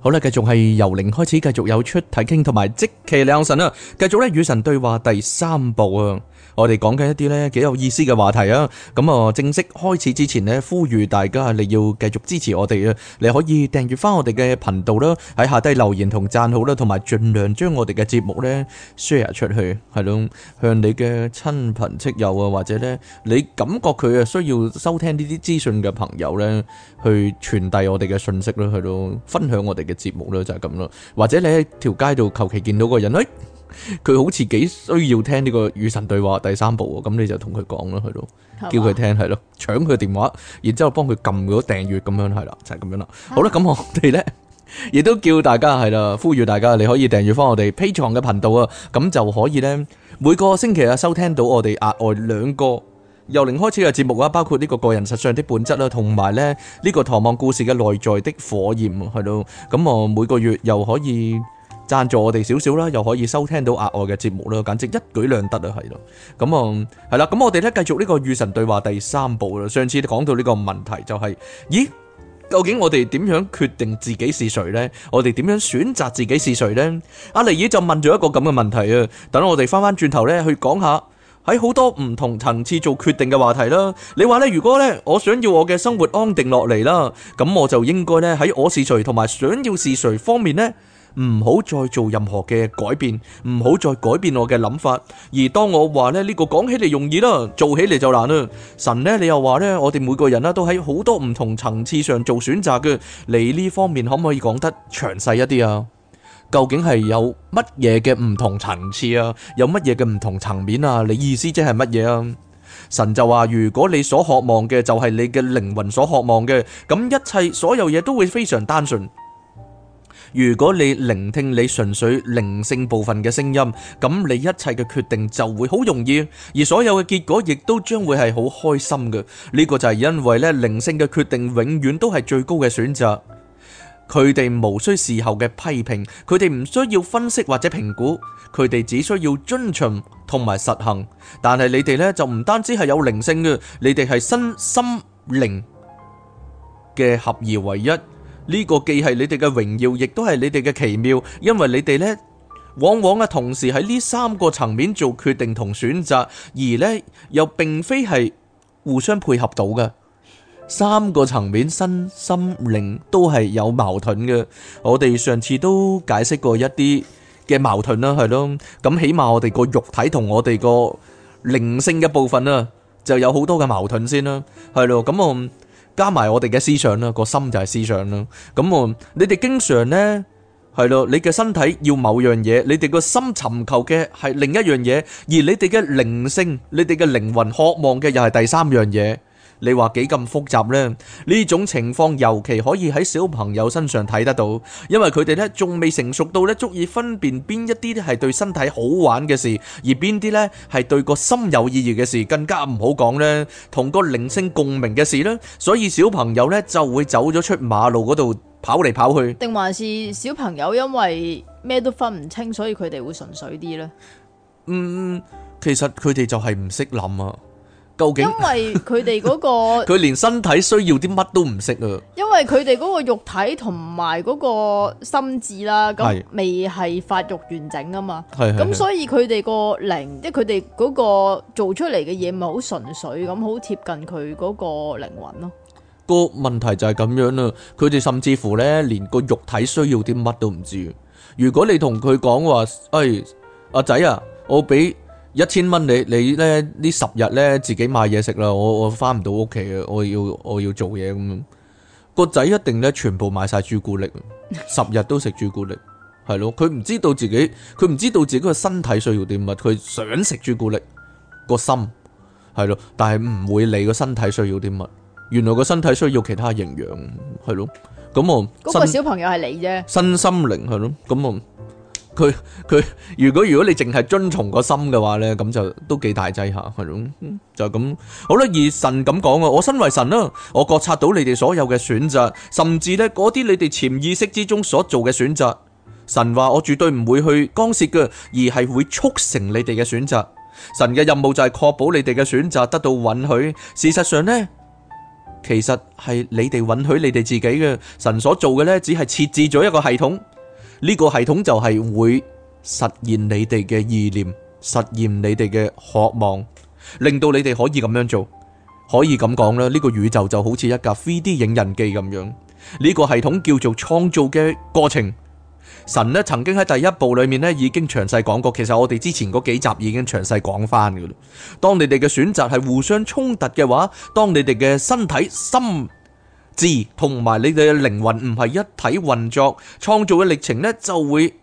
S2: 好啦，繼續係由零開始，繼續有出睇傾，同埋積其良神啦。繼續咧與神對話第三部啊！我哋講緊一啲呢幾有意思嘅話題啊！咁啊，正式開始之前呢，呼籲大家你要繼續支持我哋啊！你可以訂閱翻我哋嘅頻道啦，喺下低留言同讚好啦，同埋盡量將我哋嘅節目呢 share 出去，係咯，向你嘅親朋戚友啊，或者呢你感覺佢啊需要收聽呢啲資訊嘅朋友呢，去傳遞我哋嘅信息啦，係咯，分享我哋嘅節目啦，就係咁咯。或者你喺條街度求其見到個人，哎。佢好似幾需要聽呢個與神對話第三部喎，咁你就同佢講啦，佢都叫佢聽，係咯，搶佢電話，然之後幫佢撳咗訂閱咁樣，係啦，就係咁樣啦。好啦，咁我哋咧亦都叫大家係啦，呼籲大家你可以訂閱翻我哋 Patreon 嘅頻道啊，咁就可以咧每個星期啊收聽到我哋額外兩個由零開始嘅節目啊，包括呢個個人實相的本質啦，同埋咧呢個唐望故事嘅內在的火焰，係咯，咁我每個月又可以。贊助我哋少少啦，又可以收聽到額外嘅節目啦，簡直一舉兩得啊，係咯。咁啊，係啦，咁我哋咧繼續呢個與神對話第三部啦。上次講到呢個問題就係，咦，究竟我哋點樣決定自己是誰咧？我哋點樣選擇自己是誰咧？阿麗爾就問咗一個咁嘅問題啊，等我哋翻翻轉頭咧去講下喺好多唔同層次做決定嘅話題啦。你話咧，如果咧我想要我嘅生活安定落嚟啦，咁我就應該咧喺我是誰同埋想要是誰方面咧？唔好再做任何嘅改變，唔好再改變我嘅諗法。而當我話呢，呢個講起嚟容易啦，做起嚟就難啦。神呢，你又話呢，我哋每個人啦，都喺好多唔同層次上做選擇嘅。你呢方面可唔可以講得詳細一啲啊？究竟係有乜嘢嘅唔同層次啊？有乜嘢嘅唔同層面啊？你意思即係乜嘢啊？神就話：如果你所渴望嘅就係你嘅靈魂所渴望嘅，咁一切所有嘢都會非常單純。如果你聆聽你純粹靈性部分嘅聲音，咁你一切嘅決定就會好容易，而所有嘅結果亦都將會係好開心嘅。呢個就係因為咧靈性嘅決定永遠都係最高嘅選擇。佢哋無需事後嘅批評，佢哋唔需要分析或者評估，佢哋只需要遵循同埋實行。但係你哋咧就唔單止係有靈性嘅，你哋係身心靈嘅合而為一。呢個既係你哋嘅榮耀，亦都係你哋嘅奇妙，因為你哋呢往往啊，同時喺呢三個層面做決定同選擇，而呢又並非係互相配合到嘅。三個層面身心靈都係有矛盾嘅。我哋上次都解釋過一啲嘅矛盾啦，係咯。咁起碼我哋個肉體同我哋個靈性嘅部分啊，就有好多嘅矛盾先啦，係咯。咁、嗯、我。加埋我哋嘅思想啦，個心就係思想啦。咁、嗯、啊，你哋經常呢，係咯，你嘅身體要某樣嘢，你哋個心尋求嘅係另一樣嘢，而你哋嘅靈性、你哋嘅靈魂渴望嘅又係第三樣嘢。你話幾咁複雜咧？呢種情況尤其可以喺小朋友身上睇得到，因為佢哋咧仲未成熟到咧，足以分辨邊一啲咧係對身體好玩嘅事，而邊啲咧係對個心有意義嘅事，更加唔好講咧，同個靈性共鳴嘅事啦。所以小朋友咧就會走咗出馬路嗰度跑嚟跑去，
S1: 定還是小朋友因為咩都分唔清，所以佢哋會純粹啲咧？嗯，
S2: 其實佢哋就係唔識諗啊。究竟因
S1: 為佢哋嗰個，佢
S2: 連身體需要啲乜都唔識啊！
S1: 因為佢哋嗰個肉體同埋嗰個心智啦，咁未係發育完整啊嘛。係咁，所以佢哋個靈，即係佢哋嗰個做出嚟嘅嘢，咪好純粹咁，好貼近佢嗰個靈魂咯。
S2: 個問題就係咁樣啦，佢哋甚至乎咧，連個肉體需要啲乜都唔知。如果你同佢講話，誒，阿仔啊，我俾。一千蚊你你呢呢十日呢，自己買嘢食啦，我我翻唔到屋企，我要我要做嘢咁樣。個仔一定呢，全部買晒朱古力，十日都食朱古力，係咯。佢唔知道自己佢唔知道自己個身體需要啲乜，佢想食朱古力，個心係咯，但係唔會理個身體需要啲乜，原來個身體需要其他營養係咯。咁我嗰個小
S1: 朋友係你啫，
S2: 身心靈係咯，咁我。佢佢如果如果你淨係遵從個心嘅話呢，咁就都幾大劑吓， 就咁好啦。而神咁講啊，我身為神啦，我覺察到你哋所有嘅選擇，甚至呢嗰啲你哋潛意識之中所做嘅選擇。神話我絕對唔會去干涉嘅，而係會促成你哋嘅選擇。神嘅任務就係確保你哋嘅選擇得到允許。事實上呢，其實係你哋允許你哋自己嘅。神所做嘅呢，只係設置咗一個系統。呢個系統就係會實現你哋嘅意念，實現你哋嘅渴望，令到你哋可以咁樣做，可以咁講啦。呢個宇宙就好似一架 3D 影印機咁樣，呢個系統叫做創造嘅過程。神呢曾經喺第一部裏面呢已經詳細講過，其實我哋之前嗰幾集已經詳細講翻噶啦。當你哋嘅選擇係互相衝突嘅話，當你哋嘅身體心。知同埋你哋嘅靈魂唔係一體運作，創造嘅歷程呢就會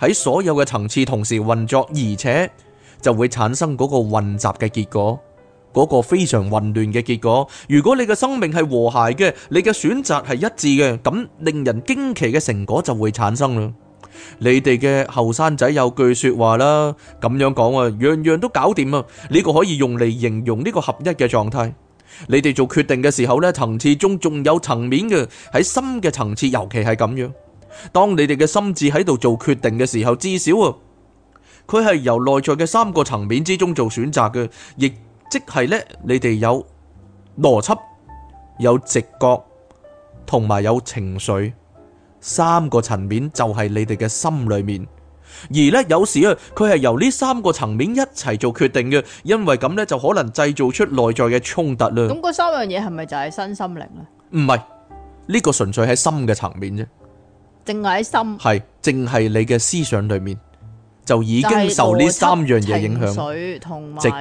S2: 喺所有嘅層次同時運作，而且就會產生嗰個混雜嘅結果，嗰個非常混亂嘅結果。如果你嘅生命係和諧嘅，你嘅選擇係一致嘅，咁令人驚奇嘅成果就會產生啦。你哋嘅後生仔有句說話啦，咁樣講啊，樣樣都搞掂啊，呢個可以用嚟形容呢個合一嘅狀態。你哋做決定嘅時候呢，層次中仲有層面嘅，喺心嘅層次，尤其係咁樣。當你哋嘅心智喺度做決定嘅時候，至少啊，佢係由內在嘅三個層面之中做選擇嘅，亦即係呢，你哋有邏輯、有直覺同埋有情緒三個層面，就係你哋嘅心裏面。而咧有時咧，佢係由呢三個層面一齊做決定嘅，因為咁咧就可能製造出內在嘅衝突啦。咁
S1: 嗰三樣嘢係咪就係身心靈咧？
S2: 唔係，呢個純粹喺心嘅層面啫，
S1: 淨係喺心，
S2: 係淨係你嘅思想裏面就已經受呢三樣嘢影響，水
S1: 同直覺，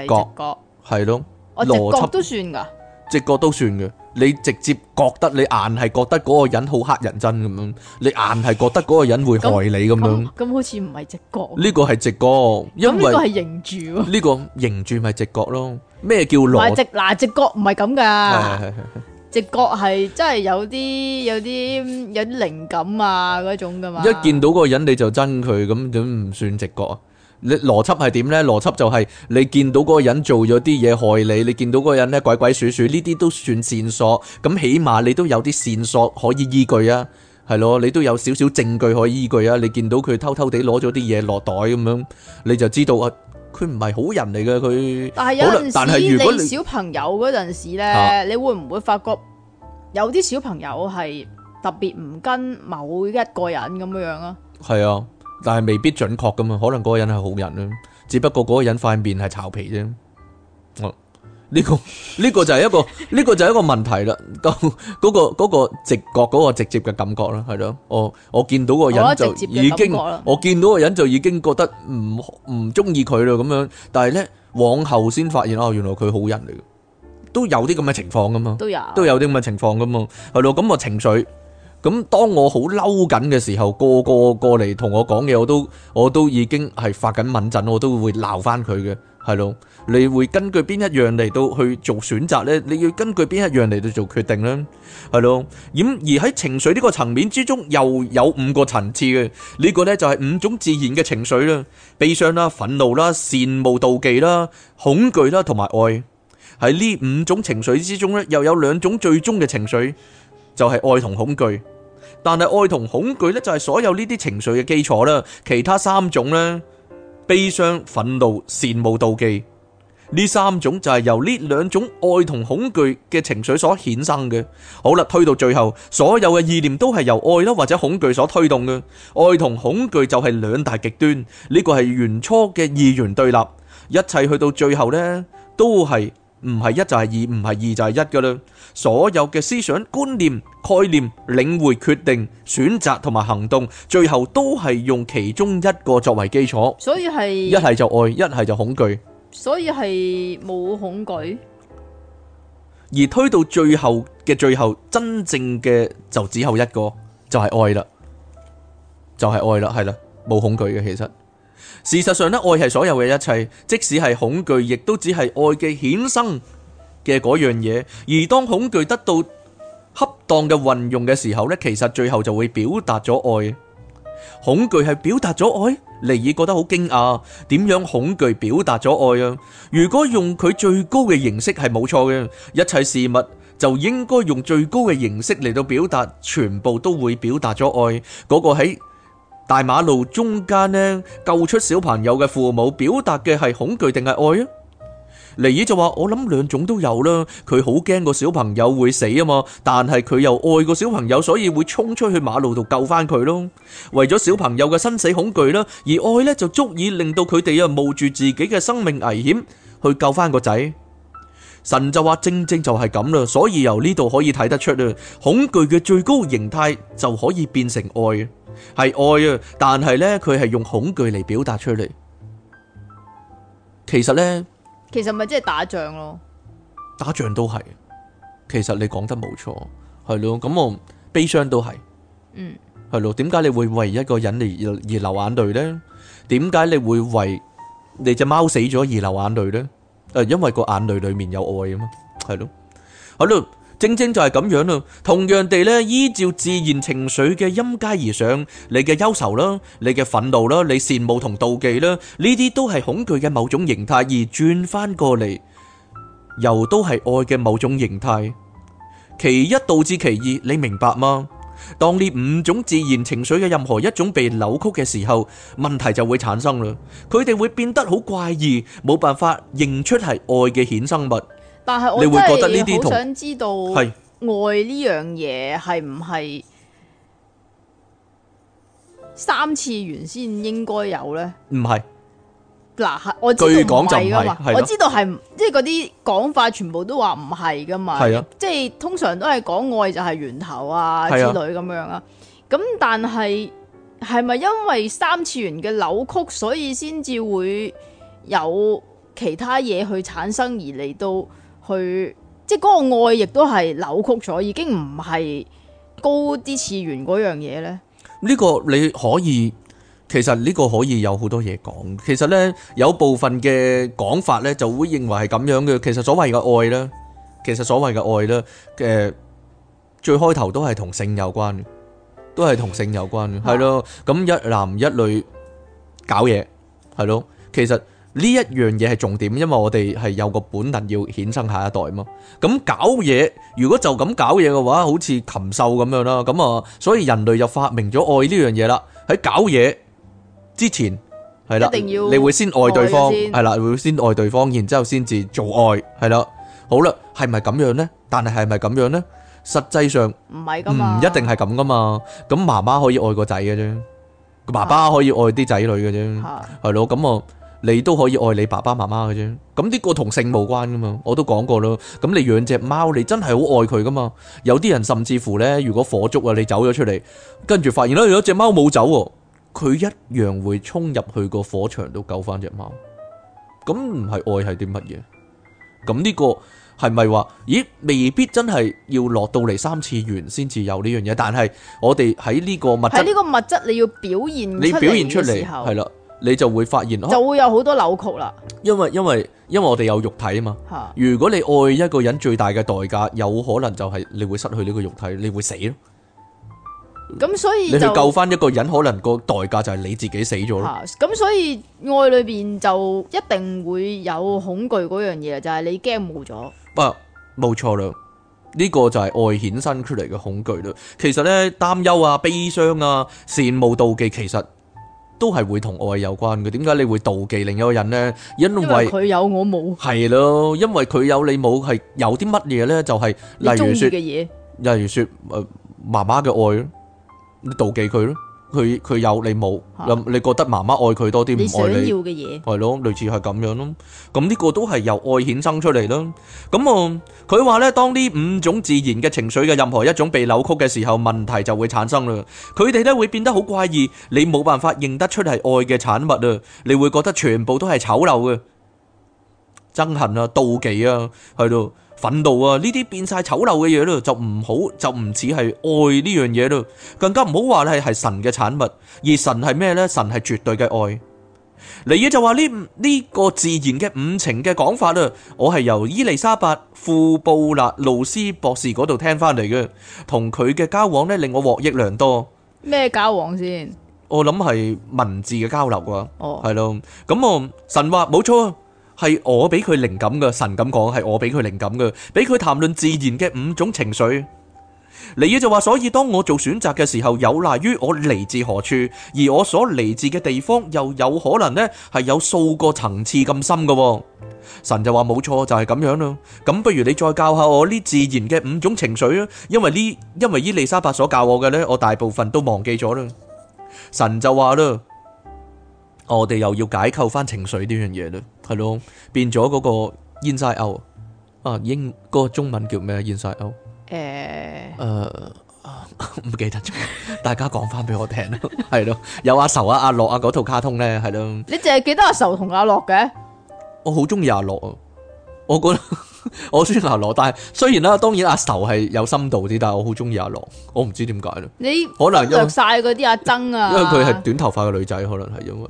S2: 係咯，邏輯都算噶，直覺都算嘅。你直接覺得你硬係覺得嗰個人好乞人憎咁樣，你硬係覺得嗰個，個人會害你咁 樣，
S1: 咁好似唔係直覺。呢
S2: 個係直覺，因為呢個係認住。呢個認住咪直覺咯？咩叫攔？直
S1: 嗱，直覺唔係咁噶， 直覺係真係有啲有啲有啲靈感啊嗰種噶嘛。一見
S2: 到嗰個人你就憎佢，咁點唔算直覺啊？你邏輯係點呢？邏輯就係、是、你見到嗰個人做咗啲嘢害你，你見到嗰個人呢，鬼鬼祟祟，呢啲都算線索。咁起碼你都有啲線索可以依據啊，係咯，你都有少少證據可以依據啊。你見到佢偷偷地攞咗啲嘢落袋咁樣，你就知道佢唔係好人嚟嘅佢。但係有陣時好，但係如果你你小
S1: 朋友嗰陣時呢，啊、你會唔會發覺有啲小朋友係特別唔跟某一個人咁樣樣啊？
S2: 係啊。但係未必準確噶嘛可能嗰個人係好人啦，只不過嗰個人塊面係巢皮啫。哦、啊，呢、這個呢、這個就係一個呢 個就係一個問題啦。嗰個個直覺嗰個直接嘅感覺啦，係咯。哦，我我見到個人就已經， 我見到個人就已經覺得唔唔中意佢咯。咁樣，但係咧往後先發現哦、啊，原來佢好人嚟嘅，都有啲咁嘅情況噶嘛都有啲咁嘅情況噶嘛係咯，咁、嗯、個情緒。咁當我好嬲緊嘅時候，個個過嚟同我講嘢，我都我都已經係發緊敏陣，我都會鬧返佢嘅，係咯。你會根據邊一樣嚟到去做選擇呢？你要根據邊一樣嚟到做決定呢？係咯。咁而喺情緒呢個層面之中，又有五個層次嘅呢個呢，就係五種自然嘅情緒啦：悲傷啦、憤怒啦、羨慕妒忌啦、恐懼啦，同埋愛。喺呢五種情緒之中呢，又有兩種最終嘅情緒，就係愛同恐懼。但係愛同恐懼咧，就係所有呢啲情緒嘅基礎啦。其他三種咧，悲傷、憤怒、羨慕、妒忌，呢三種就係由呢兩種愛同恐懼嘅情緒所衍生嘅。好啦，推到最後，所有嘅意念都係由愛啦或者恐懼所推動嘅。愛同恐懼就係兩大極端，呢個係原初嘅二元對立。一切去到最後咧，都係唔係一就係二，唔係二就係一噶啦。所有嘅思想、觀念、概念、領會、決定、選擇同埋行動，最後都係用其中一個作為基礎。所
S1: 以係一係
S2: 就愛，一係就恐懼。
S1: 所以係冇恐懼，
S2: 而推到最後嘅最後，真正嘅就只有一個，就係愛啦，就係愛啦，係啦，冇恐懼嘅。其實事實上呢，愛係所有嘅一切，即使係恐懼，亦都只係愛嘅衍生。嘅嗰樣嘢，而當恐懼得到恰當嘅運用嘅時候呢，其實最後就會表達咗愛。恐懼係表達咗愛？尼爾覺得好驚訝，點樣恐懼表達咗愛啊？如果用佢最高嘅形式係冇錯嘅，一切事物就應該用最高嘅形式嚟到表達，全部都會表達咗愛。嗰個喺大馬路中間呢救出小朋友嘅父母，表達嘅係恐懼定係愛啊？尼爾就話：我諗兩種都有啦，佢好驚個小朋友會死啊嘛，但係佢又愛個小朋友，所以會衝出去馬路度救翻佢咯。為咗小朋友嘅生死恐懼啦，而愛呢就足以令到佢哋啊冒住自己嘅生命危險去救翻個仔。神就話：正正就係咁啦，所以由呢度可以睇得出啦，恐懼嘅最高形態就可以變成愛，係愛啊，但係呢佢係用恐懼嚟表達出嚟。其實呢。
S1: 其實咪即係打仗咯，
S2: 打仗都係，其實你講得冇錯，係咯，咁我悲傷都係，嗯，係咯，點解你會為一個人嚟，而流眼淚呢？點解你會為你隻貓死咗而流眼淚呢？誒，因為個眼淚裏面有愛啊嘛，係咯，好咯。正正就係咁樣啦，同樣地咧，依照自然情緒嘅音階而上，你嘅憂愁啦，你嘅憤怒啦，你羨慕同妒忌啦，呢啲都係恐懼嘅某種形態，而轉翻過嚟，又都係愛嘅某種形態。其一導致其二，你明白嗎？當呢五種自然情緒嘅任何一種被扭曲嘅時候，問題就會產生啦。佢哋會變得好怪異，冇辦法認出係愛嘅衍生物。
S1: 但係我真係好想知道，愛呢樣嘢係唔係三次元先應該有呢？
S2: 唔係是，
S1: 嗱，我據講就唔係，我知道係，即係啲講法全部都話唔係噶嘛。係啊，即係通常都係講愛就係源頭啊之類咁樣啊。咁但係係咪因為三次元嘅扭曲，所以先至會有其他嘢去產生而嚟到？佢即係嗰個愛，亦都係扭曲咗，已經唔係高啲次元嗰樣嘢咧。
S2: 呢個你可以，其實呢個可以有好多嘢講。其實咧，有部分嘅講法咧，就會認為係咁樣嘅。其實所謂嘅愛咧，其實所謂嘅愛咧，誒，最開頭都係同性有關嘅，都係同性有關嘅，係咯。咁一男一女搞嘢，係咯。其實。呢一樣嘢係重點，因為我哋係有個本能要衍生下一代嘛。咁搞嘢，如果就咁搞嘢嘅話，好似禽獸咁樣啦。咁啊，所以人類就發明咗愛呢樣嘢啦。喺搞嘢之前，係啦，你會先愛對方，係啦，你會先愛對方，然之後先至做愛，係啦。好啦，係咪咁樣呢？但係係咪咁樣呢？實際上
S1: 唔係噶嘛，唔一
S2: 定係咁噶嘛。咁媽媽可以愛個仔嘅啫，爸爸可以愛啲仔女嘅啫，係咯。咁啊。你都可以愛你爸爸媽媽嘅啫，咁呢個同性無關噶嘛，我都講過咯。咁你養隻貓，你真係好愛佢噶嘛。有啲人甚至乎呢，如果火燭啊，你走咗出嚟，跟住發現咧，有隻貓冇走，佢一樣會衝入去個火場度救翻隻貓。咁唔係愛係啲乜嘢？咁呢個係咪話，咦，未必真係要落到嚟三次元先至有呢樣嘢。但係我哋喺呢個物質，喺呢
S1: 個物質，你要表現，你表現出嚟，係啦。
S2: 你就會發現，啊、就
S1: 會有好多扭曲啦。
S2: 因為因為因為我哋有肉體啊嘛。的如果你愛一個人，最大嘅代價有可能就係你會失去呢個肉體，你會死咯。
S1: 咁所以就你去救翻
S2: 一個人，可能個代價就係你自己死咗咯。
S1: 咁所以愛裏邊就一定會有恐懼嗰樣嘢，就係、是、你驚冇咗。
S2: 不、啊，冇錯啦，呢、這個就係愛衍生出嚟嘅恐懼啦。其實呢，擔憂啊、悲傷啊、羨慕、妒忌，其實。都係會同愛有關嘅，點解你會妒忌另一個人呢？因為佢
S1: 有我冇。係
S2: 咯，因為佢有你冇，係有啲乜嘢呢？就係例如説嘅嘢，例如説誒媽媽嘅愛咯，你妒忌佢咯。佢佢有你冇，你你覺得媽媽愛佢多啲，唔愛你。你要嘅嘢？係咯，類似係咁樣咯。咁呢個都係由愛衍生出嚟咯。咁啊，佢話呢，當呢五種自然嘅情緒嘅任何一種被扭曲嘅時候，問題就會產生啦。佢哋呢會變得好怪異，你冇辦法認得出係愛嘅產物啊！你會覺得全部都係醜陋嘅憎恨啊、妒忌啊，係咯。憤怒啊！呢啲變晒醜陋嘅嘢咯，就唔好就唔似係愛呢樣嘢咯，更加唔好話係係神嘅產物，而神係咩呢？神係絕對嘅愛。嚟嘢就話呢，呢個自然嘅五情嘅講法啊，我係由伊麗莎白庫布勒羅斯博士嗰度聽翻嚟嘅，同佢嘅交往呢，令我獲益良多。
S1: 咩交往先？
S2: 我諗係文字嘅交流啊，係咯，咁啊，神話冇錯。係我俾佢靈感嘅，神咁講係我俾佢靈感嘅，俾佢談論自然嘅五種情緒。尼爾就話，所以當我做選擇嘅時候，有賴於我嚟自何處，而我所嚟自嘅地方又有可能呢係有數個層次咁深嘅。神就話冇錯，就係咁樣咯。咁不如你再教下我呢自然嘅五種情緒啊，因為呢，因為伊麗莎白所教我嘅呢，我大部分都忘記咗啦。神就話啦。我哋又要解構翻情緒呢樣嘢咧，係咯，變咗嗰個 Inside Out 啊，英嗰、嗰個中文叫咩 Inside Out
S1: 誒、
S2: uh, 啊，誒，唔記得咗，大家講翻俾我聽啦，係咯， 有阿愁啊，啊，阿、啊、樂啊，嗰套卡通咧，係咯，你
S1: 淨係記得阿愁同阿樂嘅？
S2: 我好中意阿樂啊，我覺得 我雖然阿樂，但係雖然啦、啊，當然阿愁係有深度啲，但係我好中意阿樂，我唔知點解咯。你可能着
S1: 晒嗰啲阿曾啊，因為佢係
S2: 短頭髮嘅女仔，可能係因為。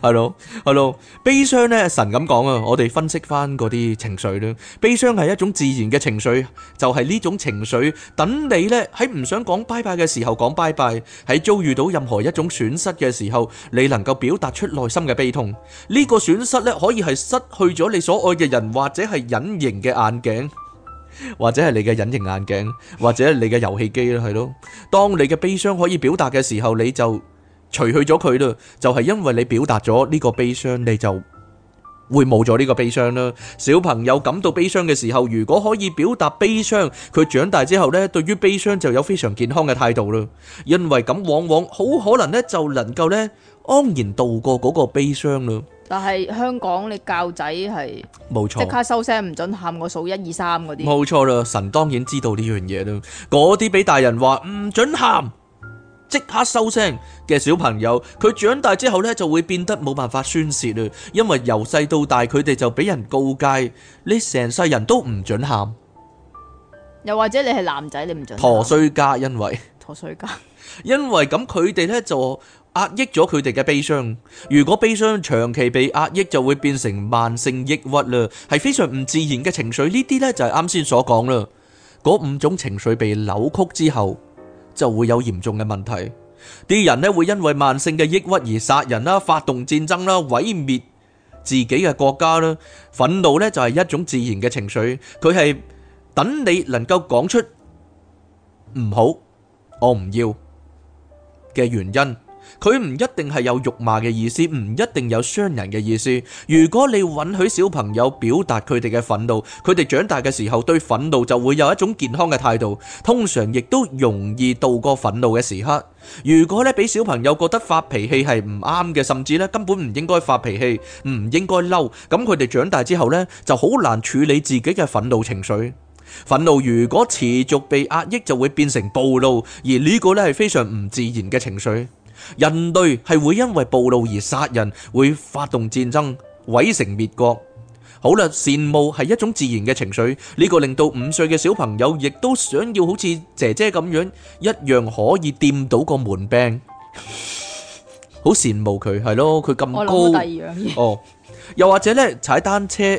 S2: 係囉，係囉，悲傷呢，神咁講啊，我哋分析翻嗰啲情緒啦。悲傷係一種自然嘅情緒，就係呢種情緒等你呢喺唔想講拜拜嘅時候講拜拜，喺遭遇到任何一種損失嘅時候，你能夠表達出內心嘅悲痛。呢個損失呢可以係失去咗你所愛嘅人，或者係隱形嘅眼鏡，或者係你嘅隱形眼鏡，或者你嘅遊戲機啦，係咯。當你嘅悲傷可以表達嘅時候，你就。除去咗佢咯，就係因為你表達咗呢個悲傷，你就會冇咗呢個悲傷啦。小朋友感到悲傷嘅時候，如果可以表達悲傷，佢長大之後咧，對於悲傷就有非常健康嘅態度啦。因為咁往往好可能咧就能夠咧安然渡過嗰個悲傷啦。
S1: 但係香港你教仔係
S2: 冇錯，即刻收
S1: 聲唔準喊，我數一二三嗰啲。冇
S2: 錯啦，神當然知道呢樣嘢啦。嗰啲俾大人話唔準喊。
S1: 即刻收聲
S2: 嘅小朋友，佢長大之後呢就會變得冇辦法宣泄啦，因為由細到大佢哋就俾人告誡：你成世人都唔准喊。
S1: 又或者你係男仔，你唔准陀衰家，因為陀衰家，
S2: 因為咁佢哋呢就壓抑咗佢哋嘅悲傷。如果悲傷長期被壓抑，就會變成慢性抑鬱啦，係非常唔自然嘅情緒。呢啲呢就係啱先所講啦，嗰五種情緒被扭曲之後。就會有嚴重嘅問題，啲人呢會因為慢性嘅抑鬱而殺人啦、發動戰爭啦、毀滅自己嘅國家啦。憤怒呢就係一種自然嘅情緒，佢係等你能夠講出唔好，我唔要嘅原因。佢唔一定係有辱罵嘅意思，唔一定有傷人嘅意思。如果你允許小朋友表達佢哋嘅憤怒，佢哋長大嘅時候對憤怒就會有一種健康嘅態度，通常亦都容易度過憤怒嘅時刻。如果呢俾小朋友覺得發脾氣係唔啱嘅，甚至呢根本唔應該發脾氣，唔應該嬲，咁佢哋長大之後呢，就好難處理自己嘅憤怒情緒。憤怒如果持續被壓抑，就會變成暴怒，而呢個呢係非常唔自然嘅情緒。人類係會因為暴露而殺人，會發動戰爭、毀城滅國。好啦，羨慕係一種自然嘅情緒，呢個令到五歲嘅小朋友亦都想要好似姐姐咁樣，一樣可以掂到個門柄，好羨 慕佢係咯，佢咁高。我諗到第二樣嘢。哦，又或者呢，踩單車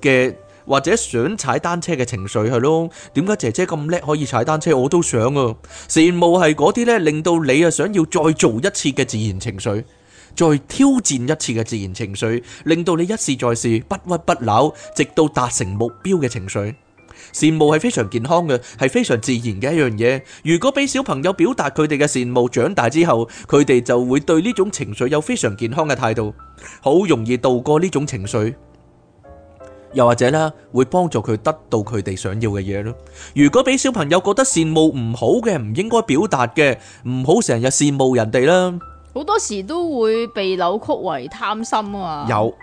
S2: 嘅。或者想踩單車嘅情緒係咯，點解姐姐咁叻可以踩單車？我都想啊！羨慕係嗰啲咧，令到你啊想要再做一次嘅自然情緒，再挑戰一次嘅自然情緒，令到你一試再試，不屈不撓，直到達成目標嘅情緒。羨慕係非常健康嘅，係非常自然嘅一樣嘢。如果俾小朋友表達佢哋嘅羨慕，長大之後佢哋就會對呢種情緒有非常健康嘅態度，好容易度過呢種情緒。又或者咧，會幫助佢得到佢哋想要嘅嘢咯。如果俾小朋友覺得羨慕唔好嘅，唔應該表達嘅，唔好成日羨慕人哋啦。
S1: 好多時都會被扭曲為貪心啊！有，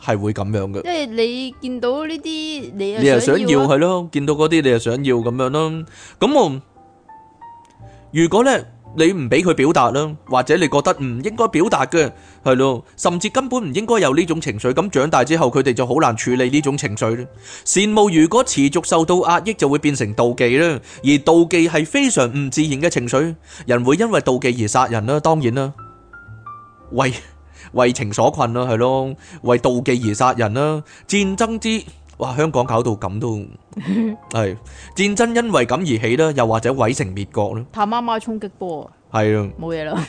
S2: 係會咁樣嘅。即係
S1: 你見到呢啲，你你又想要係咯？
S2: 見到嗰啲，你又想要咁樣咯？咁我，如果咧？你唔俾佢表達啦，或者你覺得唔應該表達嘅，係咯，甚至根本唔應該有呢種情緒。咁長大之後，佢哋就好難處理呢種情緒啦。羨慕如果持續受到壓抑，就會變成妒忌啦。而妒忌係非常唔自然嘅情緒，人會因為妒忌而殺人啦。當然啦，為為情所困啦，係咯，為妒忌而殺人啦，戰爭之。哇！香港搞到咁都係戰爭，因為咁而起啦，又或者毀城滅國啦。
S1: 塔媽媽衝擊波係咯，冇嘢啦。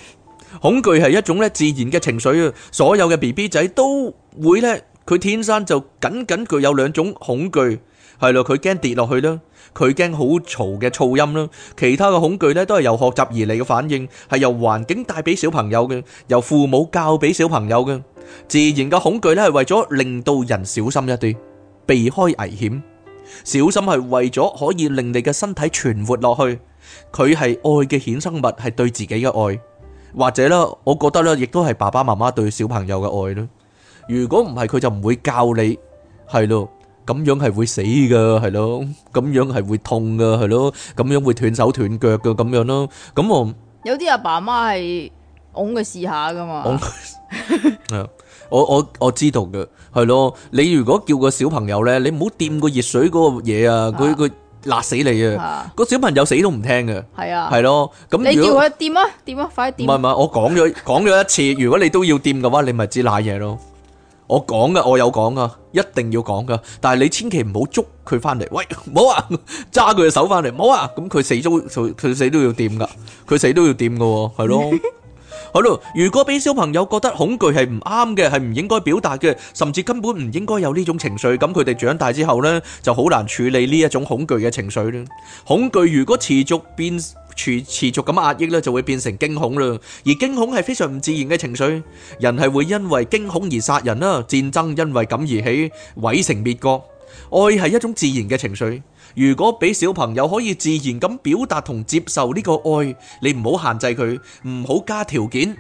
S2: 恐懼係一種咧自然嘅情緒啊，所有嘅 BB 仔都會咧，佢天生就僅僅具有兩種恐懼，係咯，佢驚跌落去啦，佢驚好嘈嘅噪音啦。其他嘅恐懼咧都係由學習而嚟嘅反應，係由環境帶俾小朋友嘅，由父母教俾小朋友嘅。自然嘅恐懼咧係為咗令到人小心一啲。避開危險，小心係為咗可以令你嘅身體存活落去。佢係愛嘅衍生物，係對自己嘅愛，或者咧，我覺得咧，亦都係爸爸媽媽對小朋友嘅愛咧。如果唔係，佢就唔會教你，係咯，咁樣係會死噶，係咯，咁樣係會痛噶，係咯，咁樣會斷手斷腳噶，咁樣咯，咁我
S1: 有啲阿爸阿媽係㧬佢試下噶嘛。
S2: 我我我知道嘅，係咯。你如果叫個小朋友咧，你唔好掂個熱水嗰個嘢啊，佢佢辣死你啊！個小朋友死都唔聽嘅，係啊，係咯。咁你叫佢
S1: 掂啊，掂啊，快掂！唔係
S2: 唔係，我講咗講咗一次。如果你都要掂嘅話，你咪知瀨嘢咯。我講噶，我有講噶，一定要講噶。但係你千祈唔好捉佢翻嚟，喂，唔好啊！揸佢嘅手翻嚟，唔好啊！咁佢死都佢佢死都要掂噶，佢死都要掂噶，係咯。好咯，如果俾小朋友覺得恐懼係唔啱嘅，係唔應該表達嘅，甚至根本唔應該有呢種情緒，咁佢哋長大之後呢，就好難處理呢一種恐懼嘅情緒啦。恐懼如果持續變處持續咁壓抑呢，就會變成驚恐啦。而驚恐係非常唔自然嘅情緒，人係會因為驚恐而殺人啦，戰爭因為咁而起，毀城滅國。愛係一種自然嘅情緒。如果俾小朋友可以自然咁表達同接受呢個愛，你唔好限制佢，唔好加條件，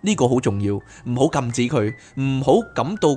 S2: 呢個好重要。唔好禁止佢，唔好感到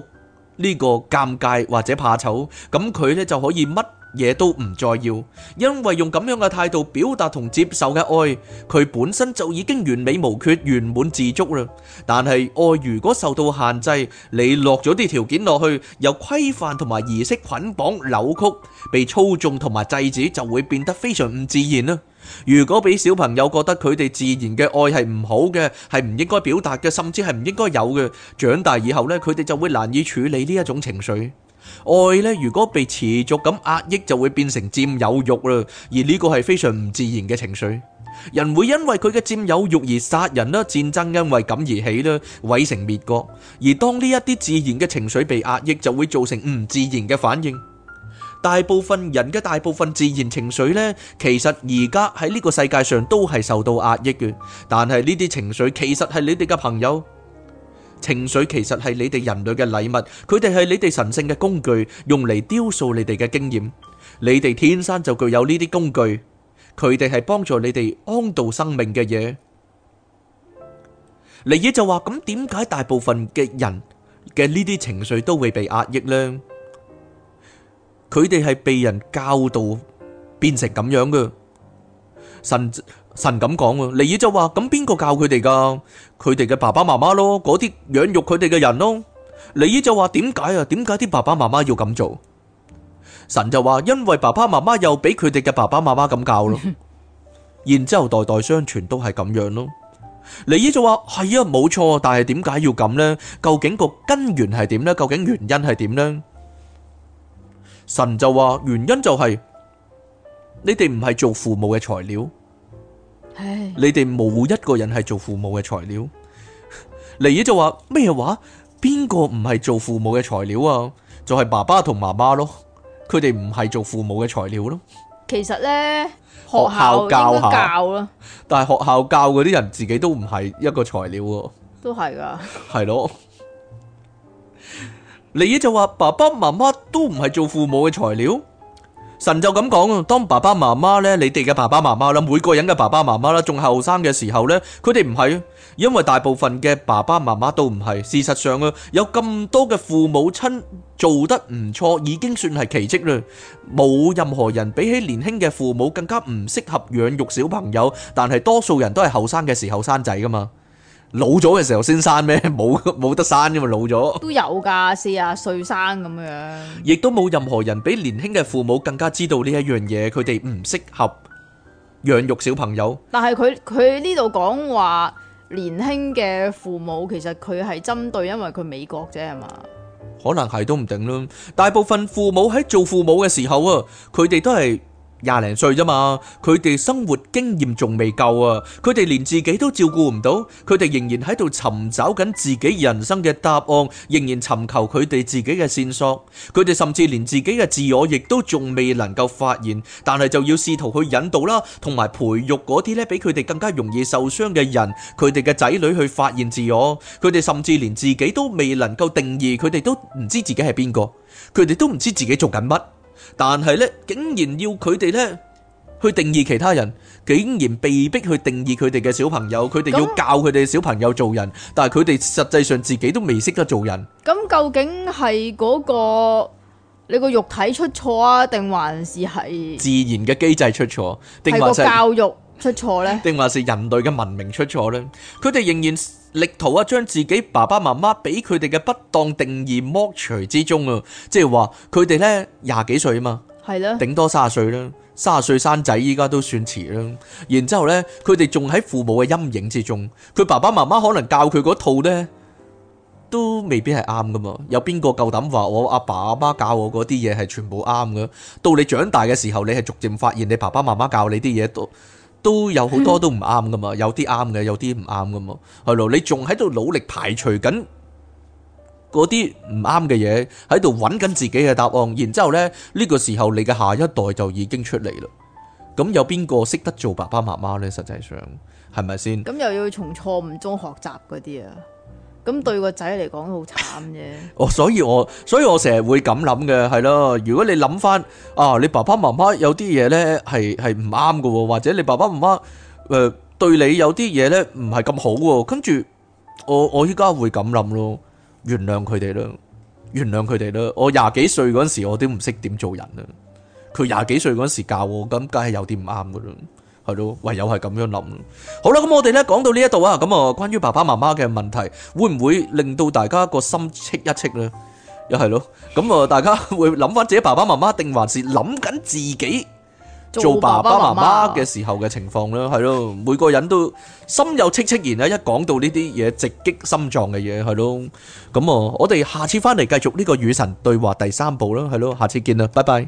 S2: 呢個尷尬或者怕醜，咁佢呢就可以乜。嘢都唔再要，因為用咁樣嘅態度表達同接受嘅愛，佢本身就已經完美無缺、完滿自足啦。但係愛如果受到限制，你落咗啲條件落去，由規範同埋儀式捆綁、扭曲、被操縱同埋制止，就會變得非常唔自然啦。如果俾小朋友覺得佢哋自然嘅愛係唔好嘅，係唔應該表達嘅，甚至係唔應該有嘅，長大以後呢，佢哋就會難以處理呢一種情緒。愛呢，如果被持續咁壓抑，就會變成佔有欲啦。而呢個係非常唔自然嘅情緒，人會因為佢嘅佔有欲而殺人啦，戰爭因為咁而起啦，毀城滅國。而當呢一啲自然嘅情緒被壓抑，就會造成唔自然嘅反應。大部分人嘅大部分自然情緒呢，其實而家喺呢個世界上都係受到壓抑嘅，但係呢啲情緒其實係你哋嘅朋友。情緒其實係你哋人類嘅禮物，佢哋係你哋神聖嘅工具，用嚟雕塑你哋嘅經驗。你哋天生就具有呢啲工具，佢哋係幫助你哋安度生命嘅嘢。尼爾就話：咁點解大部分嘅人嘅呢啲情緒都會被壓抑呢？佢哋係被人教導變成咁樣嘅。神。神咁講喎，尼爾就話，咁邊個教佢哋㗎？佢哋嘅爸爸媽媽咯，嗰啲養育佢哋嘅人咯。尼爾就話，點解啊？點解啲爸爸媽媽要咁做？神就話，因為爸爸媽媽又俾佢哋嘅爸爸媽媽咁教咯，然之後代代相傳都係咁樣咯。尼爾就話，係啊，冇錯，但係點解要咁呢？究竟個根源係點呢？究竟原因係點呢？神就話，原因就係你哋唔係做父母嘅材料。唉你哋冇一個人係做父母嘅材料，黎 姨就話咩話？邊個唔係做父母嘅材料啊？就係、是、爸爸同媽媽咯，佢哋唔係做父母嘅材料咯。
S1: 其實呢，學校教校學校教
S2: 但係學校教嗰啲人自己都唔係一個材料喎。
S1: 都係噶。
S2: 係咯，黎姨是 就話爸爸媽媽都唔係做父母嘅材料。神就咁講，當爸爸媽媽呢，你哋嘅爸爸媽媽啦，每個人嘅爸爸媽媽啦，仲後生嘅時候呢，佢哋唔係，因為大部分嘅爸爸媽媽都唔係。事實上啊，有咁多嘅父母親做得唔錯，已經算係奇蹟啦。冇任何人比起年輕嘅父母更加唔適合養育小朋友，但係多數人都係後生嘅時候生仔噶嘛。老咗嘅時候先生咩？冇冇得生噶嘛？老咗
S1: 都有㗎，四廿歲生咁樣。
S2: 亦都冇任何人比年輕嘅父母更加知道呢一樣嘢，佢哋唔適合養育小朋友。
S1: 但係佢佢呢度講話年輕嘅父母，其實佢係針對因為佢美國啫係嘛？
S2: 可能係都唔定囉。大部分父母喺做父母嘅時候啊，佢哋都係。廿零歲啫嘛，佢哋生活經驗仲未夠啊！佢哋連自己都照顧唔到，佢哋仍然喺度尋找緊自己人生嘅答案，仍然尋求佢哋自己嘅線索。佢哋甚至連自己嘅自我亦都仲未能夠發現，但係就要試圖去引導啦，同埋培育嗰啲咧比佢哋更加容易受傷嘅人，佢哋嘅仔女去發現自我。佢哋甚至連自己都未能夠定義，佢哋都唔知自己係邊個，佢哋都唔知自己做緊乜。但係咧，竟然要佢哋咧去定義其他人，竟然被逼去定義佢哋嘅小朋友，佢哋要教佢哋小朋友做人，但係佢哋實際上自己都未識得做人。
S1: 咁究竟係嗰個你個肉體出錯啊，定還是係自
S2: 然嘅機制出錯，定係個教
S1: 育出錯呢？
S2: 定還是人類嘅文明出錯呢？佢哋仍然。力圖啊，將自己爸爸媽媽俾佢哋嘅不當定義剝除之中啊！即係話佢哋呢廿幾歲啊嘛，係啦的，頂多卅歲啦，卅歲生仔依家都算遲啦。然之後呢，佢哋仲喺父母嘅陰影之中，佢爸爸媽媽可能教佢嗰套呢，都未必係啱噶嘛。有邊個夠膽話我阿爸阿媽，媽教我嗰啲嘢係全部啱嘅？到你長大嘅時候，你係逐漸發現你爸爸媽媽教你啲嘢都。都有好多都唔啱噶嘛，有啲啱嘅，有啲唔啱噶嘛，係咯，你仲喺度努力排除緊嗰啲唔啱嘅嘢，喺度揾緊自己嘅答案，然之後呢，呢、呢個時候你嘅下一代就已經出嚟啦。咁有邊個識得做爸爸媽媽呢？實際上係咪先？咁
S1: 又要從錯誤中學習嗰啲啊！咁對個仔嚟講好慘嘅。
S2: 哦， 所以我所以我成日會咁諗嘅，係咯。如果你諗翻啊，你爸爸媽媽有啲嘢咧係係唔啱嘅喎，或者你爸爸媽媽誒、呃、對你有啲嘢咧唔係咁好喎。跟住我我依家會咁諗咯，原諒佢哋啦，原諒佢哋啦。我廿幾歲嗰陣時我都唔識點做人啦。佢廿幾歲嗰陣時教我，咁梗係有啲唔啱嘅啦。係咯，唯有係咁樣諗咯。好啦，咁我哋咧講到呢一度啊，咁啊關於爸爸媽媽嘅問題，會唔會令到大家個心戚一戚咧？又係咯，咁啊大家會諗翻自己爸爸媽媽，定還是諗緊自己做爸爸媽媽嘅時候嘅情況咧？係咯，每個人都心有戚戚然啦。一講到呢啲嘢，直擊心臟嘅嘢，係咯。咁啊，我哋下次翻嚟繼續呢個與神對話第三部啦，係咯，下次見啦，拜拜。